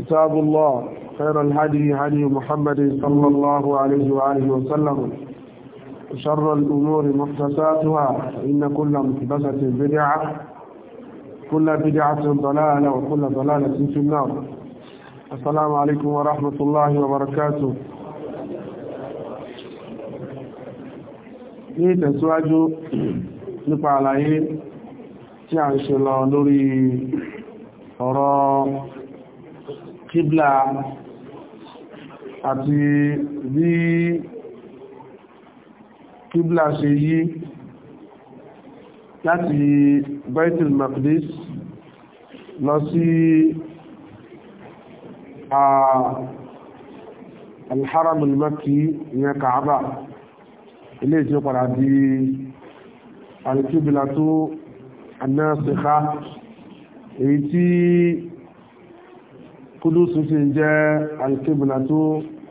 كتاب الله خير الهدي هدي محمد صلى الله عليه وآله وسلم شر الأمور محدثاتها إن كل محدثة بدعة كل بدعة ضلالة وكل ضلالة في النار السلام عليكم ورحمة الله وبركاته ní ìtẹ̀síwájú nípa àlàyé tí a ń ṣe lọ lórí ọ̀rọ̀ kíblà àti bí kíblà ṣe yí láti Baitul Maqdis lọ sí alharam al-Makki ìyẹn Kaaba ilé tí ó padà di al-kíblà tó an-nasikha èyí tí kudusu sì jẹ́ alkiblatu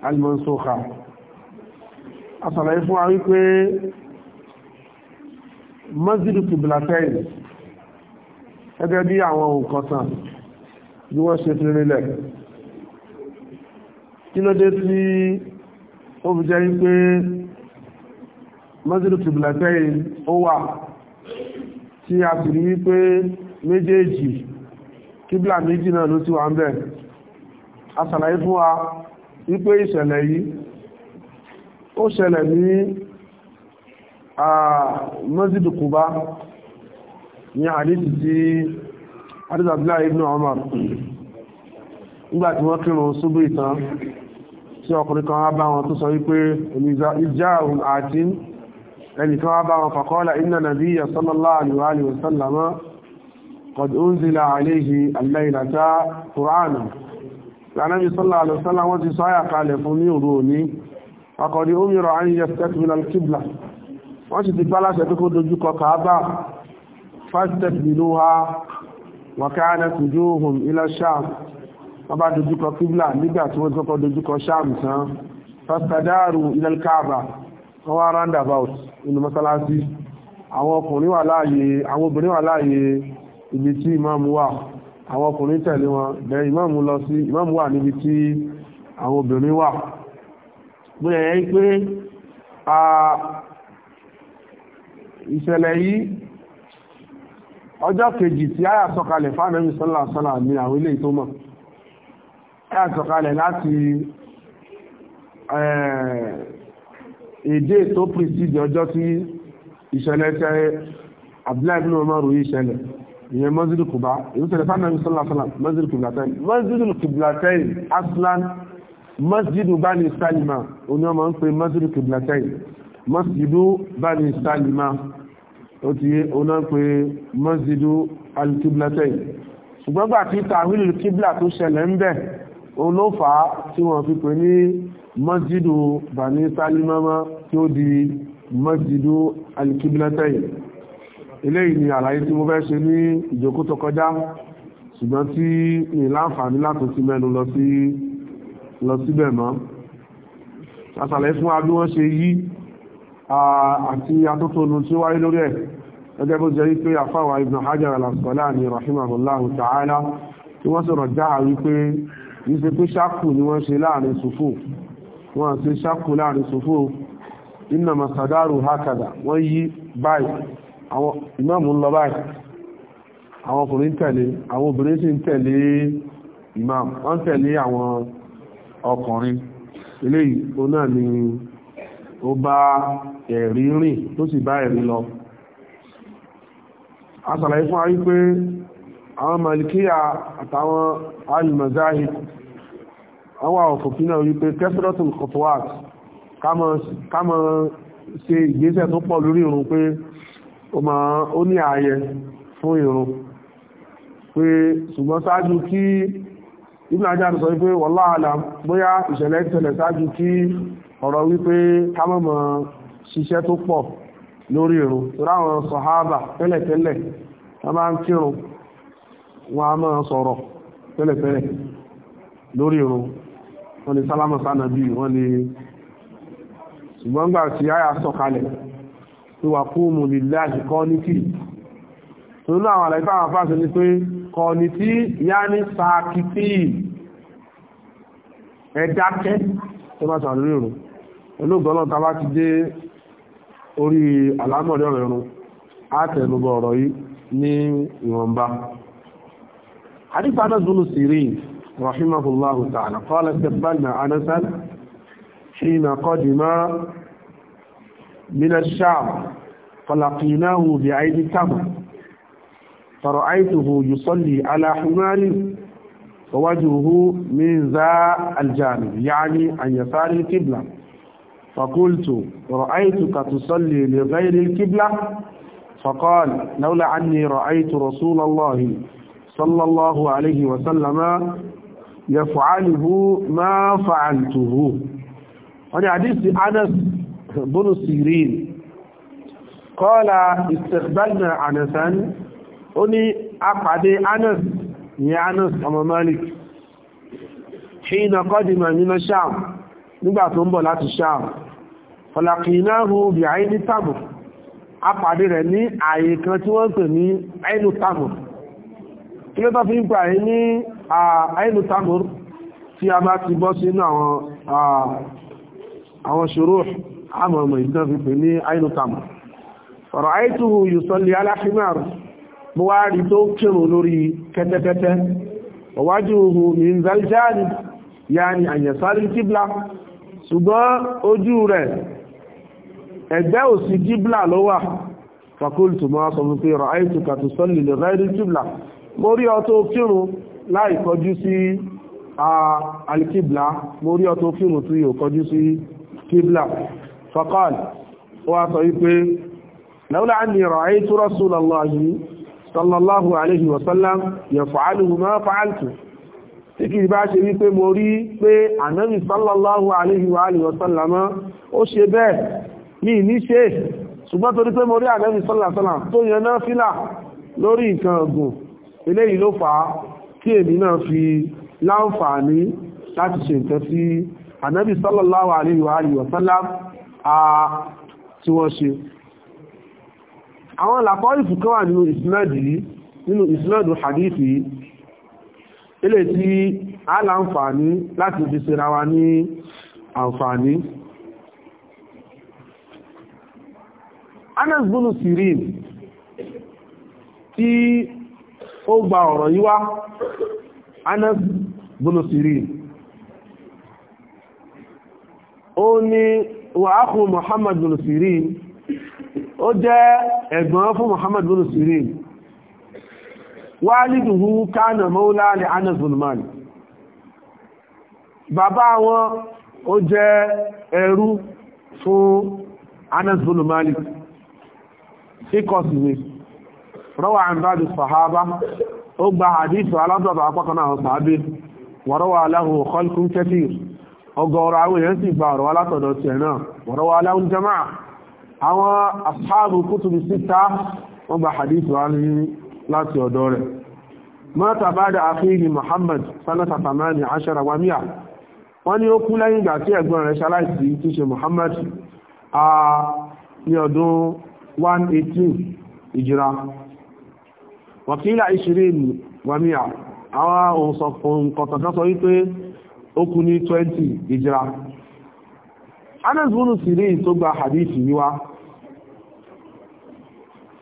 almansukha asàlàyé fún wa wípé masjidu kiblatain gẹ́gẹ́ bí àwọn òǹkọ̀tàn bí wọ́n ṣe fi rinlẹ̀ kí ló dé tí ó fi jẹ́ wípé masjidu kiblatain ó wà tí a sì rí wípé méjèèjì kíblà méjì náà ló ti wà ń bẹ̀rẹ̀ asàlàyé fún wa wípé ìṣẹ̀lẹ̀ yìí ó ṣẹlẹ̀ ní Masjid Quba ní àdíjì tí àdíjì Abdullahi ibn Umar nígbàtí wọ́n kírun súbú ìtàn tí ọkùnrin kan wá bá wọn tó sọ wípé ìjà òun àti ẹnìkan wá bá wọn faqala lànàbí sọ́lá àlọ́sọ́lá wọ́n ti sọ àyà kalẹ̀ fún ní òru òní ọkọ̀dí omiro àyíyẹ stepminal kibla wọ́n sì ti pálásẹ̀ tó kó dojúkọ kàábà fastep nínú ha wàkáyánà tìjú ohun ilẹ̀ sham wọ́n bá dojúkọ kibla nígbà tí wọ́n kọ́kọ́ dojúkọ sham tán fastadaru ilẹ̀ kaaba wọ́n wá roundabout inú mọ́sálásí àwọn ọkùnrin wà láàyè àwọn obìnrin wà láàyè ibi tí ìmáàmù wà àwọn ọkùnrin tẹ̀lé wọn bẹ̀rẹ̀ ìmáàmù lọ sí ìmáàmù wà níbi tí àwọn obìnrin wà bóyẹ̀ yẹ́ pé a ìṣẹ̀lẹ̀ yìí ọjọ́ kejì tí a yà sọ̀kalẹ̀ fánàmì sọ́là sọ́là ní àwọn ilé tó mọ̀ a yà sọ̀kalẹ̀ láti èdè tó pìsìdì ọjọ́ tí ìṣẹ̀lẹ̀ tẹ́ Abdullahi bin Umar yìí ṣẹlẹ̀ ìyẹn mọ́sílù kùbá èyí tẹ̀lé fánàbí sọ́làsọ́là mọ́sílù kìbìlátẹ́yìn mọ́sílù kìbìlátẹ́yìn aslan mọ́sílù bani salima oní ọmọ ń pè mọ́sílù kìbìlátẹ́yìn mọ́sílù bani salima ó ti yé oní ń pè mọ́sílù alìkìbìlátẹ́yìn ṣùgbọ́n gbà tí tàwílù kìbìlá tó ṣẹlẹ̀ ń bẹ̀ olófà tí wọ́n fi pè ní mọ́sílù bani salima mọ́ tí ó di mọ́sílù alìkìbìlátẹ́yìn eléyìí ni àlàyé tí mo fẹ́ ṣe ní ìjókòó tó kọjá ṣùgbọ́n tí ní láǹfààní láti ti mẹ́nu lọ sí lọ síbẹ̀ mọ́ àṣàlẹ̀ fún wa bí wọ́n ṣe yí àti atótónu tí ó wáyé lórí ẹ̀ gẹ́gẹ́ bó jẹ́ wípé àfáwà Ibn Hajar al-Asqalani rahimahullahu ta'ala tí wọ́n sọ̀rọ̀ dáa wípé yí pé ṣákù ni wọ́n ṣe láàrin sùfù wọ́n ṣe ṣákù láàrin sùfù innama sadaru hakada wọ́n yí báyìí àwọn ìmáàmù ń lọ báyìí àwọn ọkùnrin tẹ̀lé àwọn obìnrin sì ń tẹ̀lé ìmáàmù wọ́n tẹ̀lé àwọn ọkùnrin eléyìí ó náà ni ó bá ẹ̀rí rìn tó sì bá ẹ̀rí lọ a sàlàyé fún ayé pé àwọn malikiya àtàwọn alìmọ̀záhì àwọn àwọ̀kòfin náà wípé kẹfìrọ́tùn kọfọ́wàt ká máa ṣe ìgbésẹ̀ tó pọ̀ lórí ìrun pé ó máa ó ní fún ìrun pé ṣùgbọ́n ṣáájú kí Ibn Hajar sọ wípé wallahu bóyá ìṣẹ̀lẹ̀ ìṣẹ̀lẹ̀ ṣáájú kí ọ̀rọ̀ wípé ká ṣiṣẹ́ tó pọ̀ lórí ìrun tó ráwọn sàhábà tẹ́lẹ̀tẹ́lẹ̀ a pé wà kúmù lillahi qaniti nínú àwọn yá ní sàkìtì ẹ̀dákẹ́ tó náà ti dé orí àlámọ̀rí ọ̀rọ̀ ẹ̀rùn á tẹnubọ̀ ọ̀rọ̀ yìí ní ìwọ̀nba رحمه الله تعالى قال استقبلنا أنسا حين قدم من الشعب فلقيناه بعيد تمر فرأيته يصلي على حمار ووجهه من ذا الجانب يعني عن يسار الكبلة فقلت رأيتك تصلي لغير الكبلة فقال لولا أني رأيت رسول الله صلى الله عليه وسلم يفعله ما فعلته ولحديث أنس بن سيرين قال استقبلنا أنسا أني أقعد أنس يا أنس أما مالك حين قدم من الشام نبعث مبلات الشام فلقيناه بعين التمر أقعد رني عيكة وانتني عين التمر ilé tó fi ń pàá ní àìlú tamur tí a bá ti bọ́ sínú àwọn ṣòro àmọ́ ọmọ ìdí fi pè ní ainutam ọ̀rọ̀ àìtùhù yusalli ala himar bó wá rí tó kírun lórí kẹ́tẹ́kẹ́tẹ́ ọwájúhù min zaljani ya ni àyẹ̀sárí kíblá ṣùgbọ́n ojú rẹ̀ ẹgbẹ́ òsì kíblá ló wà fakultu ma sọ fún pé ọ̀rọ̀ àìtùkà tó sọ́lì lè ráìrí kíblá mo rí ọ tó láì kọjú sí alikíblá mo rí ọ tó tí yóò kọjú sí kíblá faqal wá sọ wípé laula anni ra'aytu rasulallahi sallallahu alayhi wa sallam yaf'aluhu ma fa'altu tí kìí bá ṣe wípé mo rí pé ànábì sallallahu alayhi wa alihi wa sallam ó ṣe bẹ́ẹ̀ ní ìníṣe ṣùgbọ́n torí pé mo rí ànábì sallallahu alayhi wa sallam tó yẹn náà fílà lórí nǹkan ọ̀gùn eléyìí tí wọ́n ṣe àwọn àlàkọ́ìfù kan wà nínú ìsinádì yìí nínú ìsinádì hadithi yìí ilé tí a láǹfààní láti fi ṣe ra wa ní àǹfààní Anas bunu Sirin tí ó gba ọ̀rọ̀ yìí wá Anas bunu Sirin ó ní wà ákùn Muhammad bin Sirin ó jẹ́ ẹ̀gbọ́n fún Muhammad bin Sirin wálìdùhú kánà mọ́lá ní Anas bin Malik bàbá wọn ó jẹ́ ẹrú fún Anas bin Malik síkọ̀sìwé rọ́wà àndádì sàhábá ó gba àdísù aládọ́dọ̀ apákanáà sàábé wà rọ́wà aláhùn khalqun kathir ọgọ́rọ̀ àwọn èèyàn sì gba ọ̀rọ̀ wá látọ̀dọ̀ tiẹ̀ náà ọ̀rọ̀ wá aláwùn jama àwọn asáàbù kútùbù síta wọ́n gba hadith wá ní láti ọ̀dọ̀ rẹ̀ mọ́ta bá da àfihì Muhammad sanata tamani ashara wa miya wọ́n ní ó kú lẹ́yìn ìgbà tí ẹ̀gbọ́n rẹ̀ ṣaláìsí ó kú ní 20 ìjìra Anas bin Sirin tó gba hadithi yíwá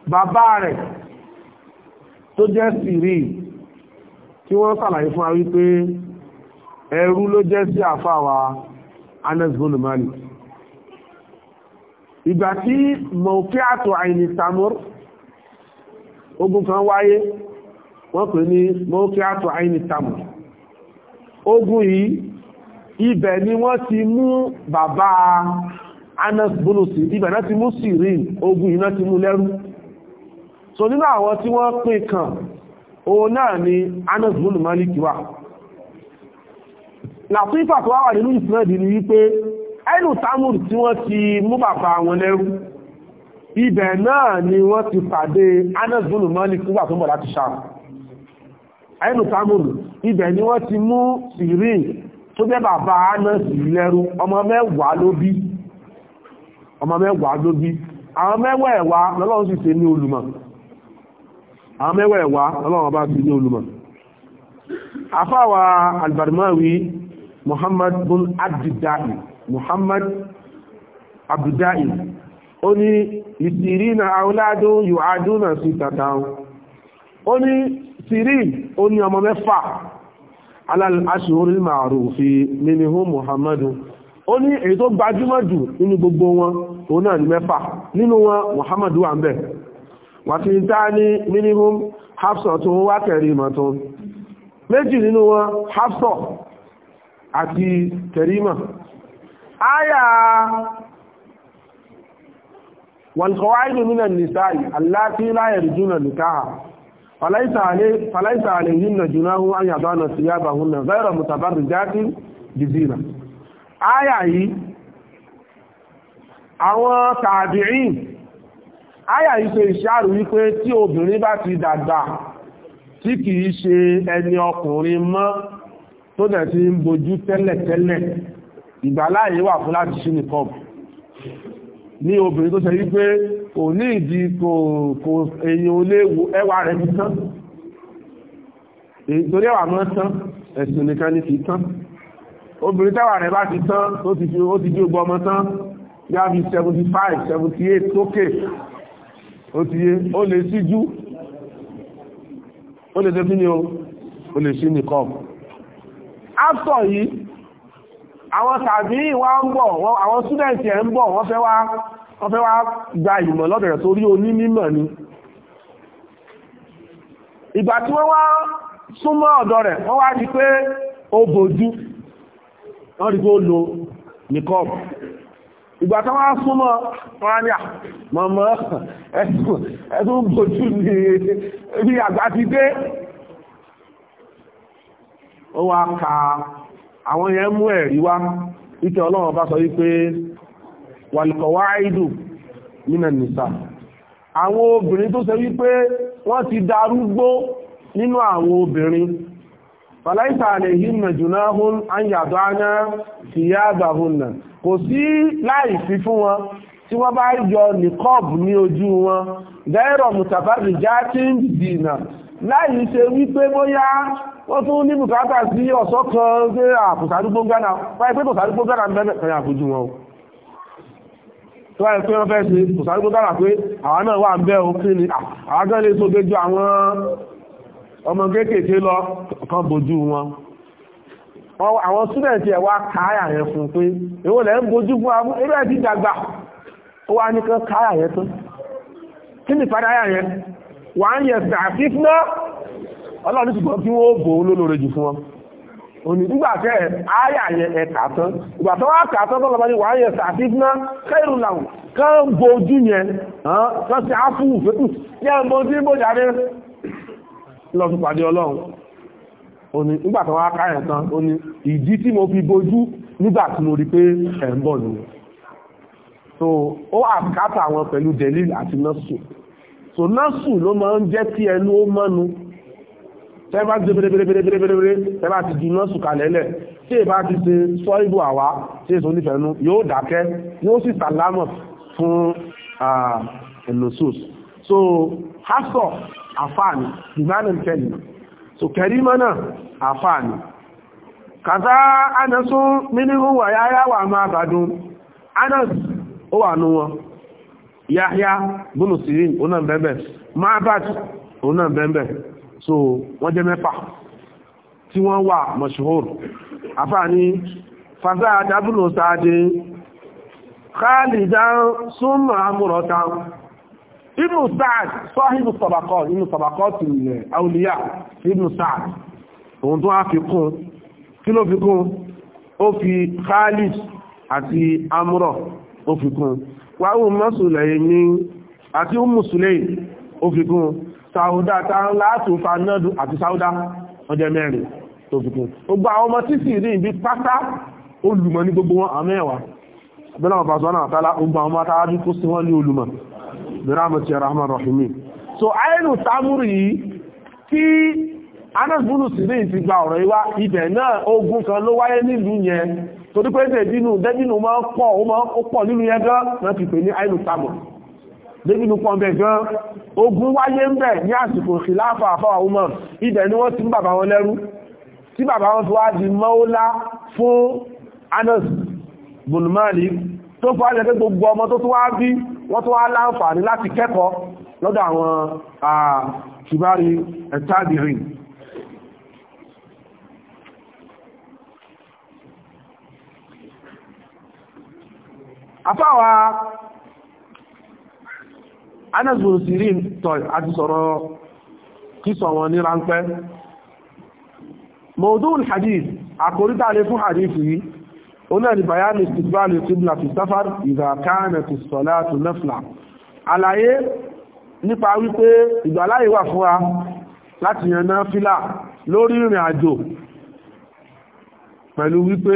bàbá rẹ̀ tó jẹ́ Sirin tí wọ́n sàlàyé fún àrí pé ẹrú ló jẹ́ sí àfáwà Anas bin Malik ìgbà tí mọ̀kíàtò àìní samur ogun kan wáyé wọ́n pè ní mọ̀kíàtò àìní samur ogun yìí ibẹ̀ ni wọ́n ti mú bàbá Anas bonosi ibẹ̀ náà ti mú Sirin ogun yìí náà ti mú lẹ́rú so nínú àwọn tí wọ́n pín kàn òun náà ni Anas bonosi Maliki wà làtífà tó wà nínú ìsinmẹ́dì ni wípé ẹnu tamur tí wọ́n ti mú bàbá wọn lẹ́rú ibẹ̀ náà ni wọ́n ti pàdé Anas bonosi Maliki wà tó mọ̀ láti sáà ẹnu tamuru ibẹ̀ ni wọ́n ti mú siri tó jẹ́ bàbá àánà sí lẹ́rú ọmọ mẹ́wàá ló bí ọmọ àwọn mẹ́wàá lọ́lọ́run sì wa bá sì ní olùmọ̀ afáwà albarmawi muhammad bin muhammad ó ní ìsìrí na auládún yóò adúnà sí tàtàun ó ní sirin ó ní ọmọ mẹ́fà aláṣìírí màrù fi minihu muhammadu ó ní èyí tó gbajúmọ̀ jù nínú gbogbo wọn òun náà ní mẹ́fà nínú wọn muhammadu wà ń bẹ̀ wàtí tá ní minihu hafsọ tó wá tẹ̀rí ìmọ̀ tó méjì nínú wọn hafsọ àti tẹ̀rímà áyà wal qawaidu minan nisa'i allati la yarjuna nikaha falaisa alayhinna junahu an yadana thiyabahunna ghayra mutabarrijatin bizina aya yìí àwọn tabi'in aya yìí ṣe ìṣàrù wípé tí obìnrin bá ti dàgbà tí kìí ṣe ẹni ọkùnrin mọ́ tó dẹ̀ ti ń bojú tẹ́lẹ̀tẹ́lẹ̀ ìgbàláyé wà fún láti ṣí nìkọ́bù ní obìnrin tó ṣe wípé kò ní ìdí kò kò èyàn olé ẹwà rẹ̀ ti tán torí ẹwà mọ́ tán ẹ̀sùn nìkan ni fi tán obìnrin tẹ́wà rẹ̀ bá ti tán ó ti fi ó ti fi ogbọ́ ọmọ tán yá bí 75 78 tókè ó ti yé ó lè síjú ó lè tẹ́fí ni ó lè sí nìkan áfọ̀ yìí àwọn tàbí wá ń bọ̀ àwọn súdẹ̀ntì ẹ̀ ń bọ̀ wọ́n fẹ́ wá gba ìmọ̀ lọ́bẹ̀rẹ̀ torí oní mímọ̀ ni ìgbà tí wọ́n wá súnmọ́ ọ̀dọ̀ rẹ̀ wọ́n wá rí pé ó bojú wọ́n rí pé ó lo nìkọ́ọ̀bù ìgbà tí wọ́n wá súnmọ́ wọ́n ní àmọ́mọ́ ẹ̀sùn bojú ní àgbà ti dé ó wá ka àwọn yẹn mú ẹ̀rí wá ìtẹ́ ọlọ́run bá sọ wípé wàlùkọ̀wá àìdù nínà nìsà àwọn obìnrin tó ṣe wípé wọ́n ti darúgbó nínú àwọn obìnrin fàláìsà àlèyìn nàìjùná hún àyàdọ́ aná sí yáàgbà hún nà kò sí láì fi fún wọn tí wọ́n bá yọ nìkọ́ọ̀bù ní ojú wọn gẹ́rọ̀ mùtàbá rìjá tí ń dìnà láì ṣe wípé bóyá wọ́n tún ní bùkátà sí ọ̀ṣọ́ kan pé àkùsàdúgbò gánà wáyé pé gánà ń bẹ́ẹ̀ kan àfojú wọn tó wáyé pé wọ́n fẹ́ ṣe kùsàdúgbò gánà pé àwọn náà wà ń bẹ́ o kí ni àwọn gan àwọn ọmọ kéékèèké lọ kan bojú wọn àwọn súdẹ̀ǹtì ẹ̀ káyà yẹn fún pé èwo lẹ́ ń bojú fún amú eré ẹ̀ dàgbà ó wá ní kan káyà yẹn tó kí ni padà yà yẹn wà ń yẹ ọlọ́run ṣùgbọ́n kí wọ́n bò ó lólóore jù fún wọn òní nígbà tẹ́ àyà yẹn ẹ̀ka tán ìgbà tó wá kà tán tọ́lọ́ba ní wàá yẹ sàfihàn kẹ́rù làwọn kán bojú yẹn kán sí áfúù fẹ́kù ní ẹ̀ mọ́ sí bójáde lọ fi pàdé ọlọ́run òní nígbà tó wá ká yẹn tán òní ìdí tí mo fi bojú nígbà tí mo rí pé ẹ̀ ń bọ̀ nìyẹn so ó àkátà wọn pẹ̀lú delil àti nọ́sù so nọ́sù ló máa ń jẹ́ tí ẹnu ó mọ́nu tẹ́ bá ti ṣe bèrèbèrèbèrèbèrè ti di sùkàlẹ́lẹ̀ tí è ti ṣe sọ ibò àwá tí èso yóò dákẹ́ yóò sì sàlámọ̀ fún ẹ̀nùsùs so hasọ àfáàní ìmánu kẹlì so kẹrí mọ́nà àfáàní kàtà anẹ́sún mínímù ya wà máa bàdún anẹ́s ó wà nú wọn yáyá bùnú sírí òun so wọ́n jẹ́ mẹ́fà tí wọ́n wà mọ̀ṣùhùr àfáàní fàzá dábùnù sáadé khalidan súnmọ̀ amúrọ̀ta ibnu Sa'd sọ́hìbù sọ̀bàkọ́ inú sọ̀bàkọ́ ti ilẹ̀ àwùlíyà ibnu Sa'd òun tó á fi kún kí ló fi ó fi khalid àti amúrọ̀ ó fi wà ó mọ́sùlẹ̀ ní àti ó mùsùlẹ̀ ó fi sàúdá tán látù fanádù àti ati ọjọ́ mẹ́rin tó fi kún gbogbo àwọn ọmọ títì rí ibi pátá ní gbogbo wọn àmẹ́wàá abẹ́lẹ̀ ọba sọ́nà dẹ́bínú ń pọ̀ ó débi ní pọ̀nbẹ̀ gan ogun wáyé ń bẹ̀ ní àsìkò ìlàáfà àfáwà Umar ibẹ̀ ni wọ́n ti ń bàbá wọn lẹ́rú tí bàbá wọn ti wá di mọ́ọ́lá fún Anas bin Malik tó fọ́ àjẹ́ gbogbo ọmọ tó tó wá bí wọ́n tó anẹ́sùn sírí tọ̀ àti sọ̀rọ̀ kíso wọn ní ránpẹ́ mọ̀dún hadith àkòrítà lè fún hadith yìí ó náà ni bayani istiqbali qibla fi safar idha kanat as-salatu nafla àlàyé nípa wípé ìgbàláyé wà fún wa láti yànnà fílà lórí ìrìn àjò pẹ̀lú wípé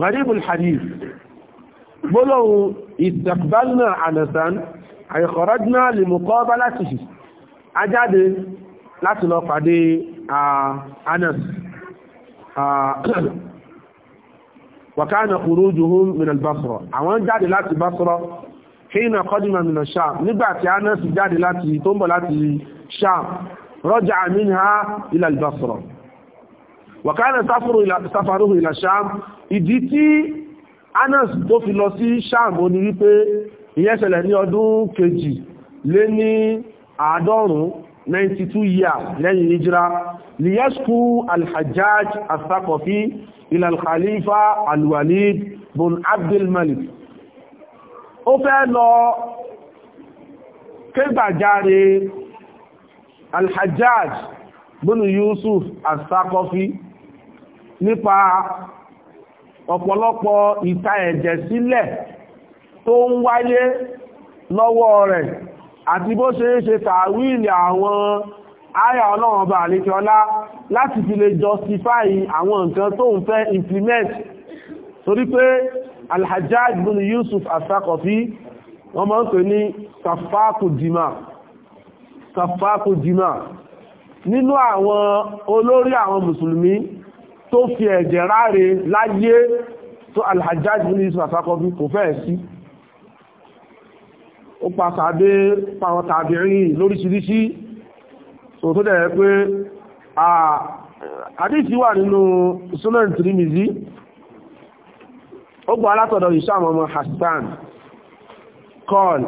gharibul hadith gbólóhùn ìstakbalna anasan àìkọ̀rọ̀dínà lè mú kọ́ bá láti ṣì ajáde láti lọ pàdé anas wàkánà khurujuhum minal basra àwọn jáde láti basra kíyìnà kọ́dìmà minal sham nígbàtí anas jáde láti tó ń bọ̀ láti sham raja'a minha ilal basra wàkánà sáfàrúhù ìlà sáàm ìdí tí anas tó fi lọ sí sáàm ó ní wípé ìyẹn ṣẹlẹ̀ ní ọdún kejì lé ní àádọ́rùn 92 years lẹ́yìn hijira liyasku alhajjaj asakọ̀fí ìlà alkhalifa alwalid bin abdulmalik ó fẹ́ lọ kégbàjáre alhajjaj bin yusuf asakọ̀fí nípa ọ̀pọ̀lọpọ̀ ìta ẹ̀jẹ̀ sílẹ̀ tó ń wáyé lọ́wọ́ rẹ̀ àti bó ṣe é ṣe tàwíìlì àwọn àyà ọlọ́run ọba àlékiọlá láti fi lè justify àwọn nǹkan tó ń fẹ́ implement torí pé Al-Hajjaj bin Yusuf As-Saqafi wọ́n máa ń pè ní safaku dima safaku dima nínú àwọn olórí àwọn mùsùlùmí tó fi ẹ̀jẹ̀ ráre láyé tó alhajjaj ní ìsìn àsákọ́bí kò fẹ́ sí ó pa sàbé pàwọn tàbí rìn lóríṣiríṣi tó tó dẹ̀ pé àdíṣì wà nínú sunan tirimizi ó gbọ́ alátọ̀dọ̀ ìṣàmọ̀ ọmọ hassan kọl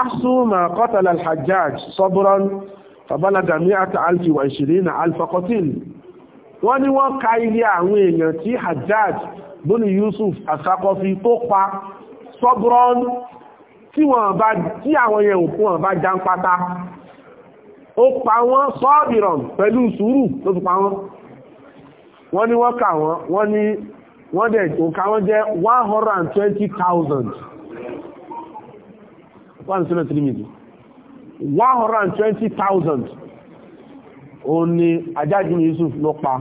ahsu ma qatala alhajjaj sabran fabalaga alfi wa ishirina alfa qatil wọ́n ní wọ́n ka iye àwọn èèyàn tí Hajjaj bóni Yusuf Asakọfi tó pa sọ́bùrọ́n tí àwọn yẹn òkú wọn bá já ń pátá ó pa wọ́n sọ́bìrọ̀n pẹ̀lú sùúrù ló fi pa wọ́n wọ́n ní wọ́n kà wọ́n wọ́n ní wọ́n dẹ̀ òǹkà wọ́n jẹ́ 120,000 120,000 òun ni ajájú Yusuf ló pa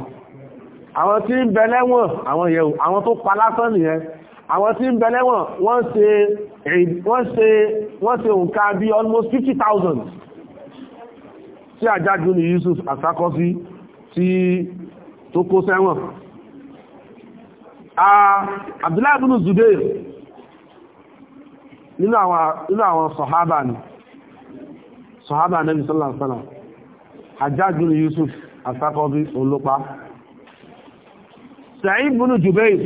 àwọn tí ń bẹ lẹ́wọ̀n àwọn yẹ̀wò àwọn tó pa lásán nìyẹn àwọn tí ń bẹ lẹ́wọ̀n wọ́n ṣe wọ́n ṣe wọ́n ṣe òǹkà bí almost fifty 50,000 tí ajájú ni Yusuf àsákọ́sí tí tó kó sẹ́wọ̀n Abdullahi ibn Zubair nínú àwọn sọ̀hábà ni sọ̀hábà Nabi sallallahu alaihi wasallam Hajjaj bin Yusuf Asakọ́bí olópa Sa'id bin Jubair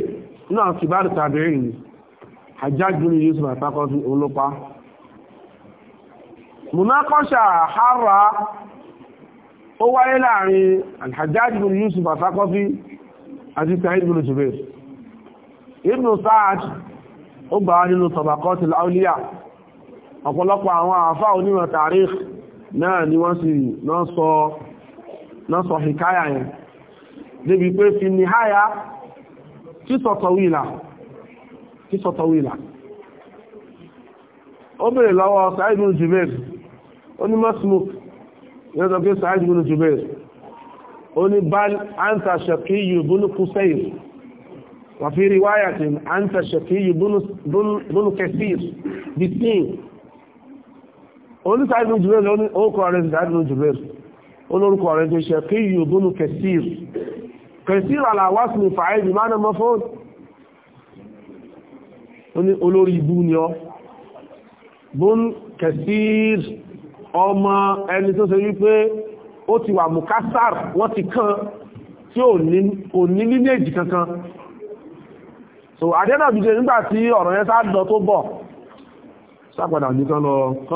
náà kìbáàrù tabi'in ni Hajjaj bin Yusuf Asakọ́bí olópa munakọ́ṣà harra ó wáyé láàrin Hajjaj bin Yusuf Asakọ́bí àti Sa'id bin Jubair Ibn Sa'ad ó gbà nínú Tabaqatul Awliya ọ̀pọ̀lọpọ̀ àwọn àfáà onímọ̀ tàríkì náà ni wọ́n sì náà sọ hikaya yẹn débi pé fi ní háyá kí sọ̀tọ̀wìlà kí sọ̀tọ̀wìlà ó bèèrè lọ́wọ́ Sa'id ibn Jubair ó ní masmuk yóò sọ pé Sa'id ibn Jubair ó ní bal anta Shaqiyyu ibn Qusayr wà fi riwayatin anta Shaqiyyu ibn Kathir bisin oníṣàìdùn jùlọ ló ní orúkọ rẹ̀ ṣàìdùn jùlọ olórúkọ rẹ̀ tó ṣe kí yóò dúnú kẹsír kẹsír aláwásùn ìfàáìdì máa náà mọ́fọ́ ní olórí ibú ni ọ bún kẹsír ọmọ ẹni tó ṣe wípé ó ti wà mùkásàr wọ́n ti kán tí ò ní nílé èjì kankan so adẹ́nà bìjẹ̀ nígbà tí ọ̀rọ̀ yẹn sáà sápadà ní kán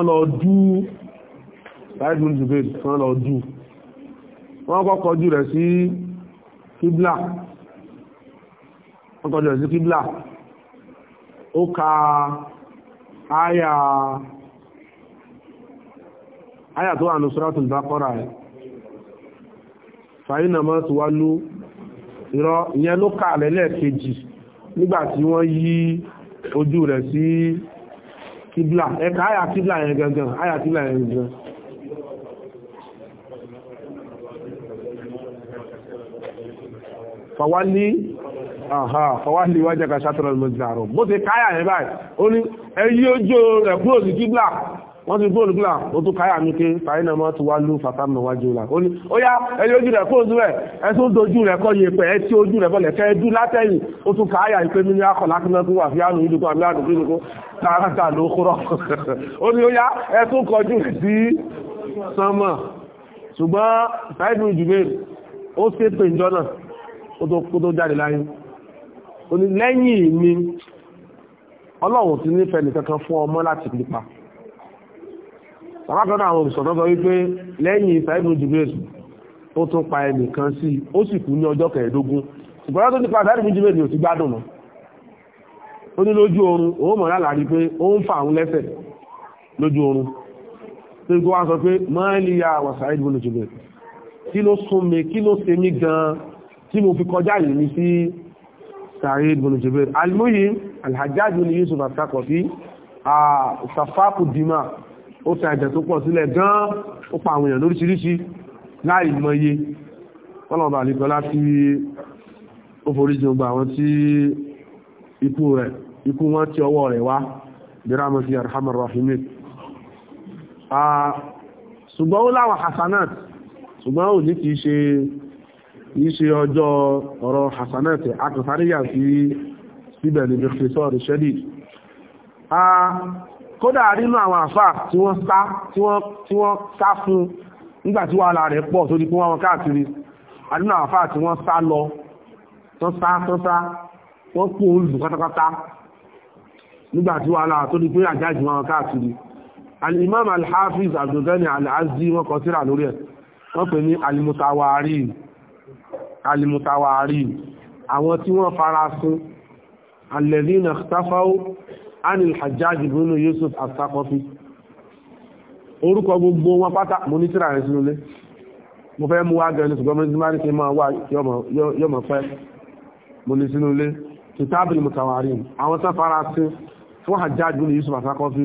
lọ dú láìpín jùbẹ́lì kán lọ dú wọ́n kọ́ kọjú rẹ̀ sí kíblà wọ́n kọjú rẹ̀ sí kíblà ó ka áyà áyà tó wà ní Suratul Baqara ẹ̀ fàyínà mọ́ ti wá lú ìrọ ìyẹn ló kà lẹ́lẹ́ẹ̀kejì nígbàtí wọ́n yí ojú rẹ̀ sí kíblà ẹ̀ka àyà kíblà yẹn gangan àyà kíblà yẹn gangan fàwálí àhà fàwálí wájá ka ṣàtọ̀rọ̀ mọ́sílẹ̀ àrọ̀ bó ti káyà yẹn báyìí ó ní ẹyí ojú rẹ̀ kúrò sí kíblà wọ́n ti góòlù gílà ó tún káyà mi pé fàyínà mọ́ ti wá lú fàtà mọ̀ wájú la ó ní ó yá ẹni ojú rẹ̀ kó ojú rẹ̀ ẹ tún dojú rẹ̀ kọ́ yẹ pẹ̀ ẹ tí ojú rẹ̀ bọ́lẹ̀ kẹ́ dú látẹ̀yìn ó tún káyà pé mi ní akọ̀ lákínà tó wà fíyànù ìdúkọ̀ àmì àdúgbò ìdúkọ̀ tààràtà ló kúrọ̀ ó ní ó yá ẹ kọjú sí sánmà ṣùgbọ́n fàyínù ìjùmẹ́ ó ṣe pé ìjọ náà tó jáde láyé ó ní lẹ́yìn mi ọlọ́run ti nífẹ̀ẹ́ nìkankan fún ọmọ láti nípa sàbákanáà àwọn olùsọ̀tọ́ sọ wípé lẹ́yìn ìfẹ́bù jùbẹ́sù ó tún pa ẹnìkan sí ó sì kú ní ọjọ́ kẹẹ̀ẹ́dógún ṣùgbọ́n tó ti pa ìfẹ́bù jùbẹ́sù ò ti gbádùn mọ́ ó ní lójú oorun òun mọ̀ lálàá rí pé ó ń fa àwọn lẹ́sẹ̀ lójú oorun tó kó wá sọ pé mọ́ẹ́lì ya wàsà ìdìbò jùbẹ́sù kí ló sún mi kí ló ṣe mí gan-an tí mo fi kọjá yìí ní sí Sa'id bin Jubair alimuyi alhajjaj bin Yusuf àtàkọ̀ sí sàfáàkù dìmá ó ta ẹ̀jẹ̀ tó pọ̀ sílẹ̀ gan ó pa àwọn èèyàn lóríṣiríṣi láì mọye ọlọ́ọ̀bà nìkan láti ó forí jẹ gbogbo àwọn tí ikú rẹ̀ ikú wọn tí ọwọ́ rẹ̀ wá bírámọ̀ sí arhamar rahimin ṣùgbọ́n ó láwọn hasanat ṣùgbọ́n ò ní kìí ṣe yìí ṣe hasanat akọ̀sáríyà sí síbẹ̀ níbi ṣe sọ́ọ̀rọ̀ ṣẹ́dì kódà rínú àwọn àfà tí wọ́n sá tí wọ́n tí wọ́n sá fún nígbà tí wàhálà rẹ̀ pọ̀ tó di pé wọ́n káàkiri àdínú àwọn àfà tí wọ́n sá lọ tán sá tán sá wọ́n kú olùdù pátápátá nígbà tí wàhálà tó di pé àjájì wọn káàkiri al-imam al-hafiz abdulgani al-azzi wọ́n kọ síra lórí ẹ̀ wọ́n pè ní alimutawari alimutawari àwọn tí wọ́n fara sun alẹ́dínà tafáwó anil hajjaj ibn yusuf asakọfi orúkọ gbogbo wọn pátá mo ní tíra rẹ̀ sínú lé mo fẹ́ mú wá gẹ̀ẹ́lì ṣùgbọ́n mẹ́rin máa ní kí máa wá yọmọ̀ pẹ́ mo ní sínú lé kìtàbìlì mutawarin àwọn tán fara sí fún hajjaj ibn yusuf asakọfi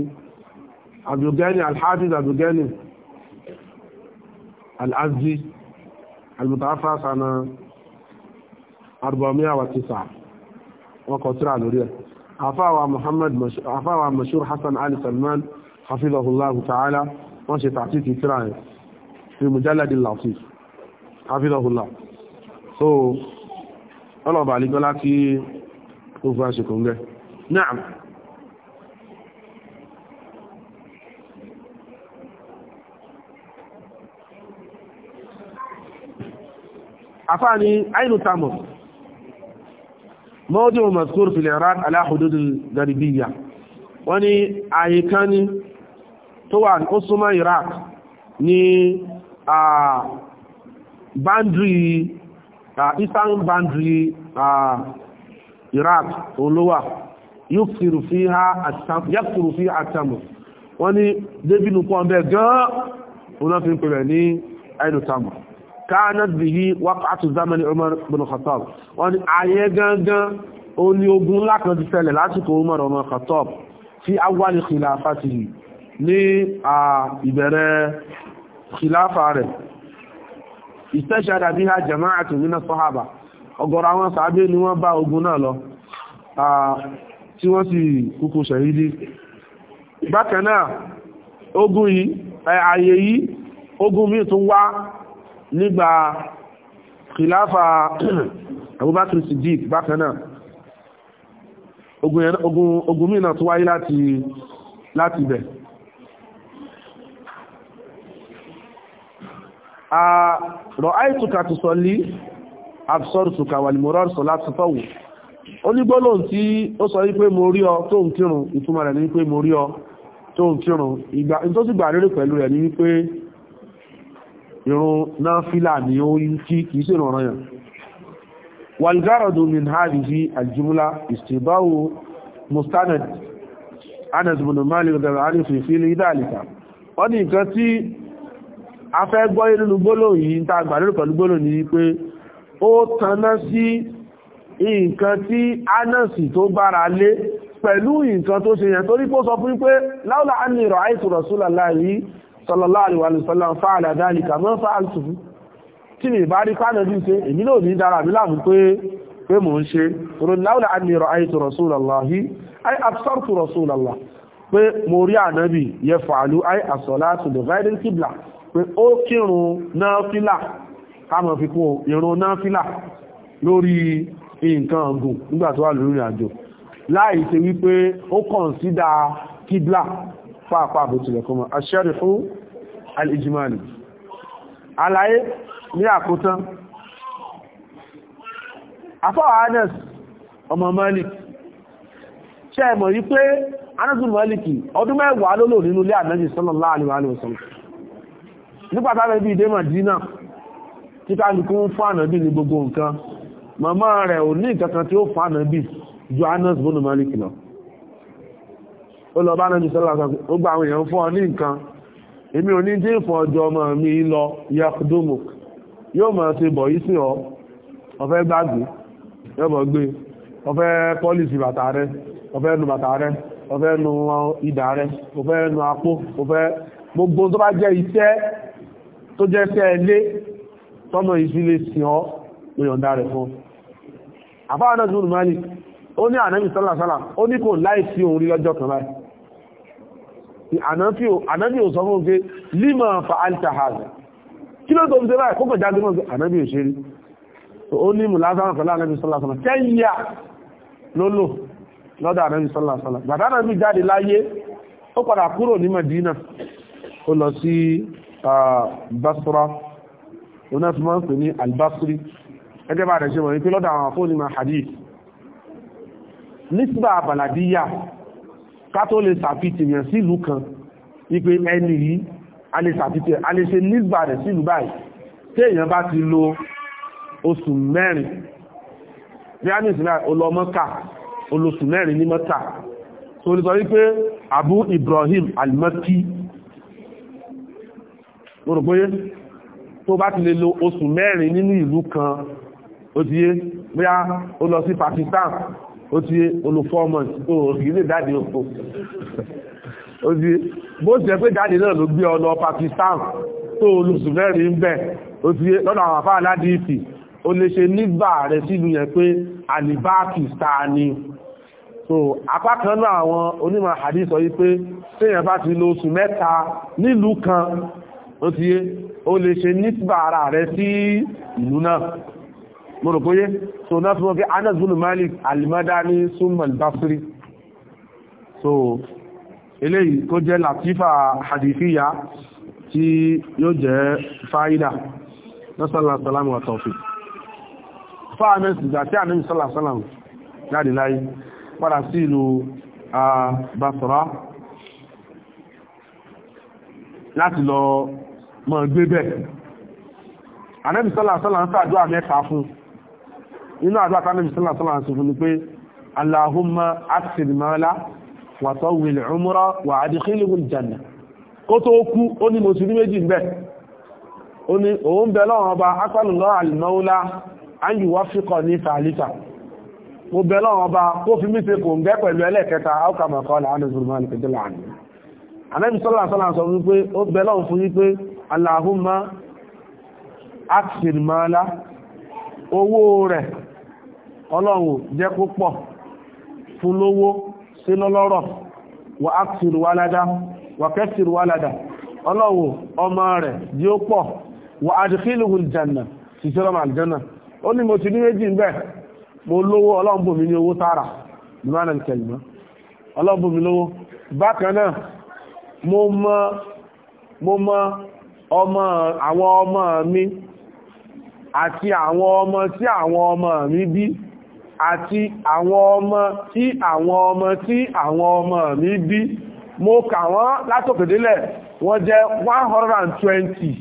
abdulgani alhafiz abdulgani al'azzi almutafa sana tisa. wọn kọ tíra lórí ẹ̀ àfáwà Muhammad àfáwà Mashur Hassan Ali Salman hafizahullahu ta'ala wọ́n ṣe tàti ti tíra ẹ̀ fi mujalladi latif hafizahullah so ọlọ́bà alìgbọ́lá kí ó fún àṣekùn gẹ́ náà afáà ni ainu tamọ̀ mọ́dún mazkur fil Iraq ala hudud al-Gharibiyya wọ́n ní ààyè kan ní tó wà ó súnmọ́ Iraq ní bandri eastern bandri Iraq olówà yóò fi àtàmù wọ́n ní débìnú pọ̀ bẹ́ẹ̀ gan-an òun náà fi ń pẹ̀lẹ̀ ní àìdùtàmù kánàt bihi wákàtí zamani umar bin khattab wọ́n ni ayé gangan ó ní ogun ńlá kan ti ṣẹlẹ̀ lásìkò umar bin khattab fi awwali khilafatihi ní ìbẹ̀rẹ̀ khilafa rẹ̀ istashhada biha jama'atun min as-sahaba ọ̀gọ̀rọ̀ àwọn sàábé ni wọ́n bá ogun náà lọ tí wọ́n sì kúkú ṣàhídì bákan náà ogun yìí ààyè yìí ogun míì tún wá nígbà kìláfà Abubakar Siddiq bákanáà ogun mìíràn tó wáyé láti bẹ̀ a rọ̀áìtùkà tó sọ lí absortuka wàlìmọ̀rọ̀ sọ láti fọ́wù onígbólóhùn tí ó sọ wípé mo rí ọ tó ń kírun ìtumọ̀ rẹ̀ ní wípé mo rí ọ tó ń kírun ìgbà ìrun náfílà ni ó yí kí kìí sí ìrọ̀rọ̀ yàn walgaradu min hadhihi aljumla istibau mustanad anas bin malik dalani fi fi lidalika wọ́n ní nǹkan tí a fẹ́ gbọ́ nínú gbólóhùn yìí tá gbà lérò pẹ̀lú gbólóhùn ni pé ó taná sí nǹkan tí anas tó bára lé pẹ̀lú nǹkan tó ṣe yẹn torí pé sọ fún pé láúlà á ní ìrọ̀ àìsù rọ̀súlà láàrin sallallahu alaihi wa sallam fa'ala dhalika ma fa'altuhu tí mi bá rí kánàbí ṣe èmi náà ní dára mi láàmú pé pé mò ń ṣe laula anni ra'aytu rasulallahi ay absartu rasulallah pé mo rí ànábì yaf'alu ay as-salatu bi ghayri al-qibla pé ó kírun náfílà káàmọ̀ fi kún ìrun náfílà lórí nǹkan ọ̀gùn nígbà tó wà lórí àjò láì ṣe wípé al-ijmal àlàyé ní àkótán afọ́wà anas ọmọ malik ṣe ẹ̀mọ̀ yí pé anasul maliki ọdún mẹ́wàá ló lò nínú ilé ànájì sallallahu alaihi wa sallam nígbàtà rẹ̀ bí ìdé Madina tí kálukú ń fún ànábì ní gbogbo nǹkan màmá rẹ̀ ò ní ìkankan tí ó fún ànábì ju anas bónú malik lọ ó lọ bá ànábì sallallahu alaihi wa sallam ó gba àwọn èèyàn fún ọ ní nǹkan èmi ò ní dé fún ọjọ́ ọmọ mi lọ yakudomo yóò máa ṣe bọ̀ yìí sí ọ ọ̀fẹ́ gbàgbé yóò mọ̀ gbé ọ̀fẹ́ pọ́lìsì bàtà rẹ ọ̀fẹ́ nu bàtà rẹ ọ̀fẹ́ nu ìdà rẹ ọ̀fẹ́ nu apó ọ̀fẹ́ gbogbo tó bá jẹ́ iṣẹ́ tó jẹ́ iṣẹ́ ilé tọ́nà ìfilé sí ọ òyọ̀ndà rẹ̀ fún àfáwọn náà tó rùn máa ní ó ní ànábì ò sọ fún pé lima fa altahaza kí ló tó ń tẹ́lá ẹ̀kọ́ pẹ̀já tó mọ́ ànábì ò ṣe rí ó ní mù lásán pẹ̀lú ànábì sọ́lásọ́lá kẹ́yà lólò lọ́dọ̀ ànábì sọ́lásọ́lá bàtà ànábì jáde láyé ó padà kúrò ní Madina ó lọ sí Basra oná tí wọ́n pè ní albasri ẹgbẹ́ bá rẹ̀ ṣe mọ̀ ní pé lọ́dọ̀ àwọn afọ́ ká tó lè sàfitìyàn sílùú kan wípé ẹni yìí a lè sàfitìyàn a lè ṣe nígbà rẹ̀ sílùú báyìí tí èèyàn bá ti lo oṣù mẹ́rin bí a ní ìsinmi olọmọ́ka olóṣù mẹ́rin ní mọ́ta tó lè sọ wípé Abu Ibrahim al-Makki orògbóyé tó bá ti lè lo oṣù mẹ́rin nínú ìlú kan ó ti yé bóyá ó lọ sí Pakistan ó ti olùfọ́ọ̀mọ̀ tó kìí lè dáde oko ó ti bó ṣe pé dáde náà ló gbé ọlọ Pakistan tó olùsùn mẹ́rin ń bẹ̀ ó ti lọ́dọ̀ àwọn afá aládìsì ó lè ṣe nígbà rẹ̀ sílùú yẹn pé alibákìsá so apá kan náà àwọn onímọ̀ hadith sọ yí pé téèyàn bá ti lo oṣù mẹ́ta nílùú kan ó ti ó lè ṣe nígbà ara rẹ̀ sí ìlú náà mo rò kóyé so náà fún ọgbẹ́ Anas bin Malik al-Madani summa al-Basri so eléyìí kó jẹ́ latifa hadifiya tí yóò jẹ́ fáídà nasala salamu wa tawfiq fáàmẹ́ ìgbà tí àmì sọ́là sọ́làmù jáde láyé padà sí ìlú Basra láti lọ mọ̀ gbé bẹ̀. Ànábì sọ́là sọ́là ń sàdúwà mẹ́ta fún nínú àdúrà tánà bí sọ́lá sọ́lá sọ fún ni pé aláhùnmá àtìsìrì mọ́lá wàtọ́ wìlì ọmọrọ wà àdìkílì wìlì jànà kó tó kú ó ní mo sùn méjì bẹ́ ó ní òun bẹ lọ́wọ́ ọba akọ́lùlọ́ àlùmọ́lá áyù wá fíkọ̀ ní fàálítà mo bẹ lọ́wọ́ ọba kó fi mí ṣe kò ń gẹ́ pẹ̀lú owó rẹ̀ ọlọ́run jẹ́ kó pọ̀ fún lówó sí lọ́lọ́rọ̀ wà á kìrù wà ládá wà kẹ́kìrù wà ládá ọlọ́run ọmọ rẹ̀ jí ó pọ̀ wà á dìkìlùhù jànà ṣiṣẹ́ ọmọ àjẹ́nà ó ní mo ti ní mi àti àwọn ọmọ tí àwọn ọmọ mi bí àti àwọn ọmọ tí àwọn ọmọ tí àwọn ọmọ mi bí mo kà wọ́n látòkèdélẹ̀ wọ́n jẹ́ 120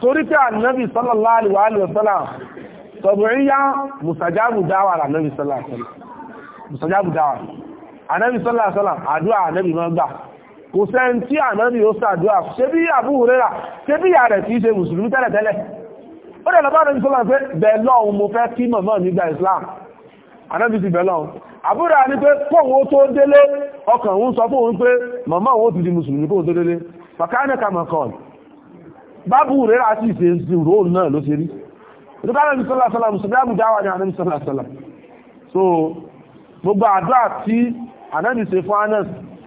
torí pé ànábì sallallahu alaihi wa sallam tọ̀bùríyá musajabu dáwà ànábì sallallahu alaihi musajabu dáwà ànábì sallallahu alaihi wasallam àdúà ànábì máa gbà kò sẹ́ni tí ànábì ó sàdúà ṣe bí Abu Hurairah ṣe bí yà tí í ṣe mùsùlùmí tẹ́lẹ̀tẹ́lẹ̀ ó dẹ̀ lọ́bá rẹ̀ sọ́lá pé bẹ̀lọ́un mo fẹ́ kí mọ̀mọ́ nígbà Islam anábi ti bẹ̀lọ́un àbúrà ní pé kóhun tó délé ọkàn òun sọ fóhun pé mọ̀mọ́ òun ti di mùsùlùmí kóhun tó délé fàkánẹ́kà mọ̀kàn bábù rẹ̀ láti ìṣe ìrò náà ló ṣe rí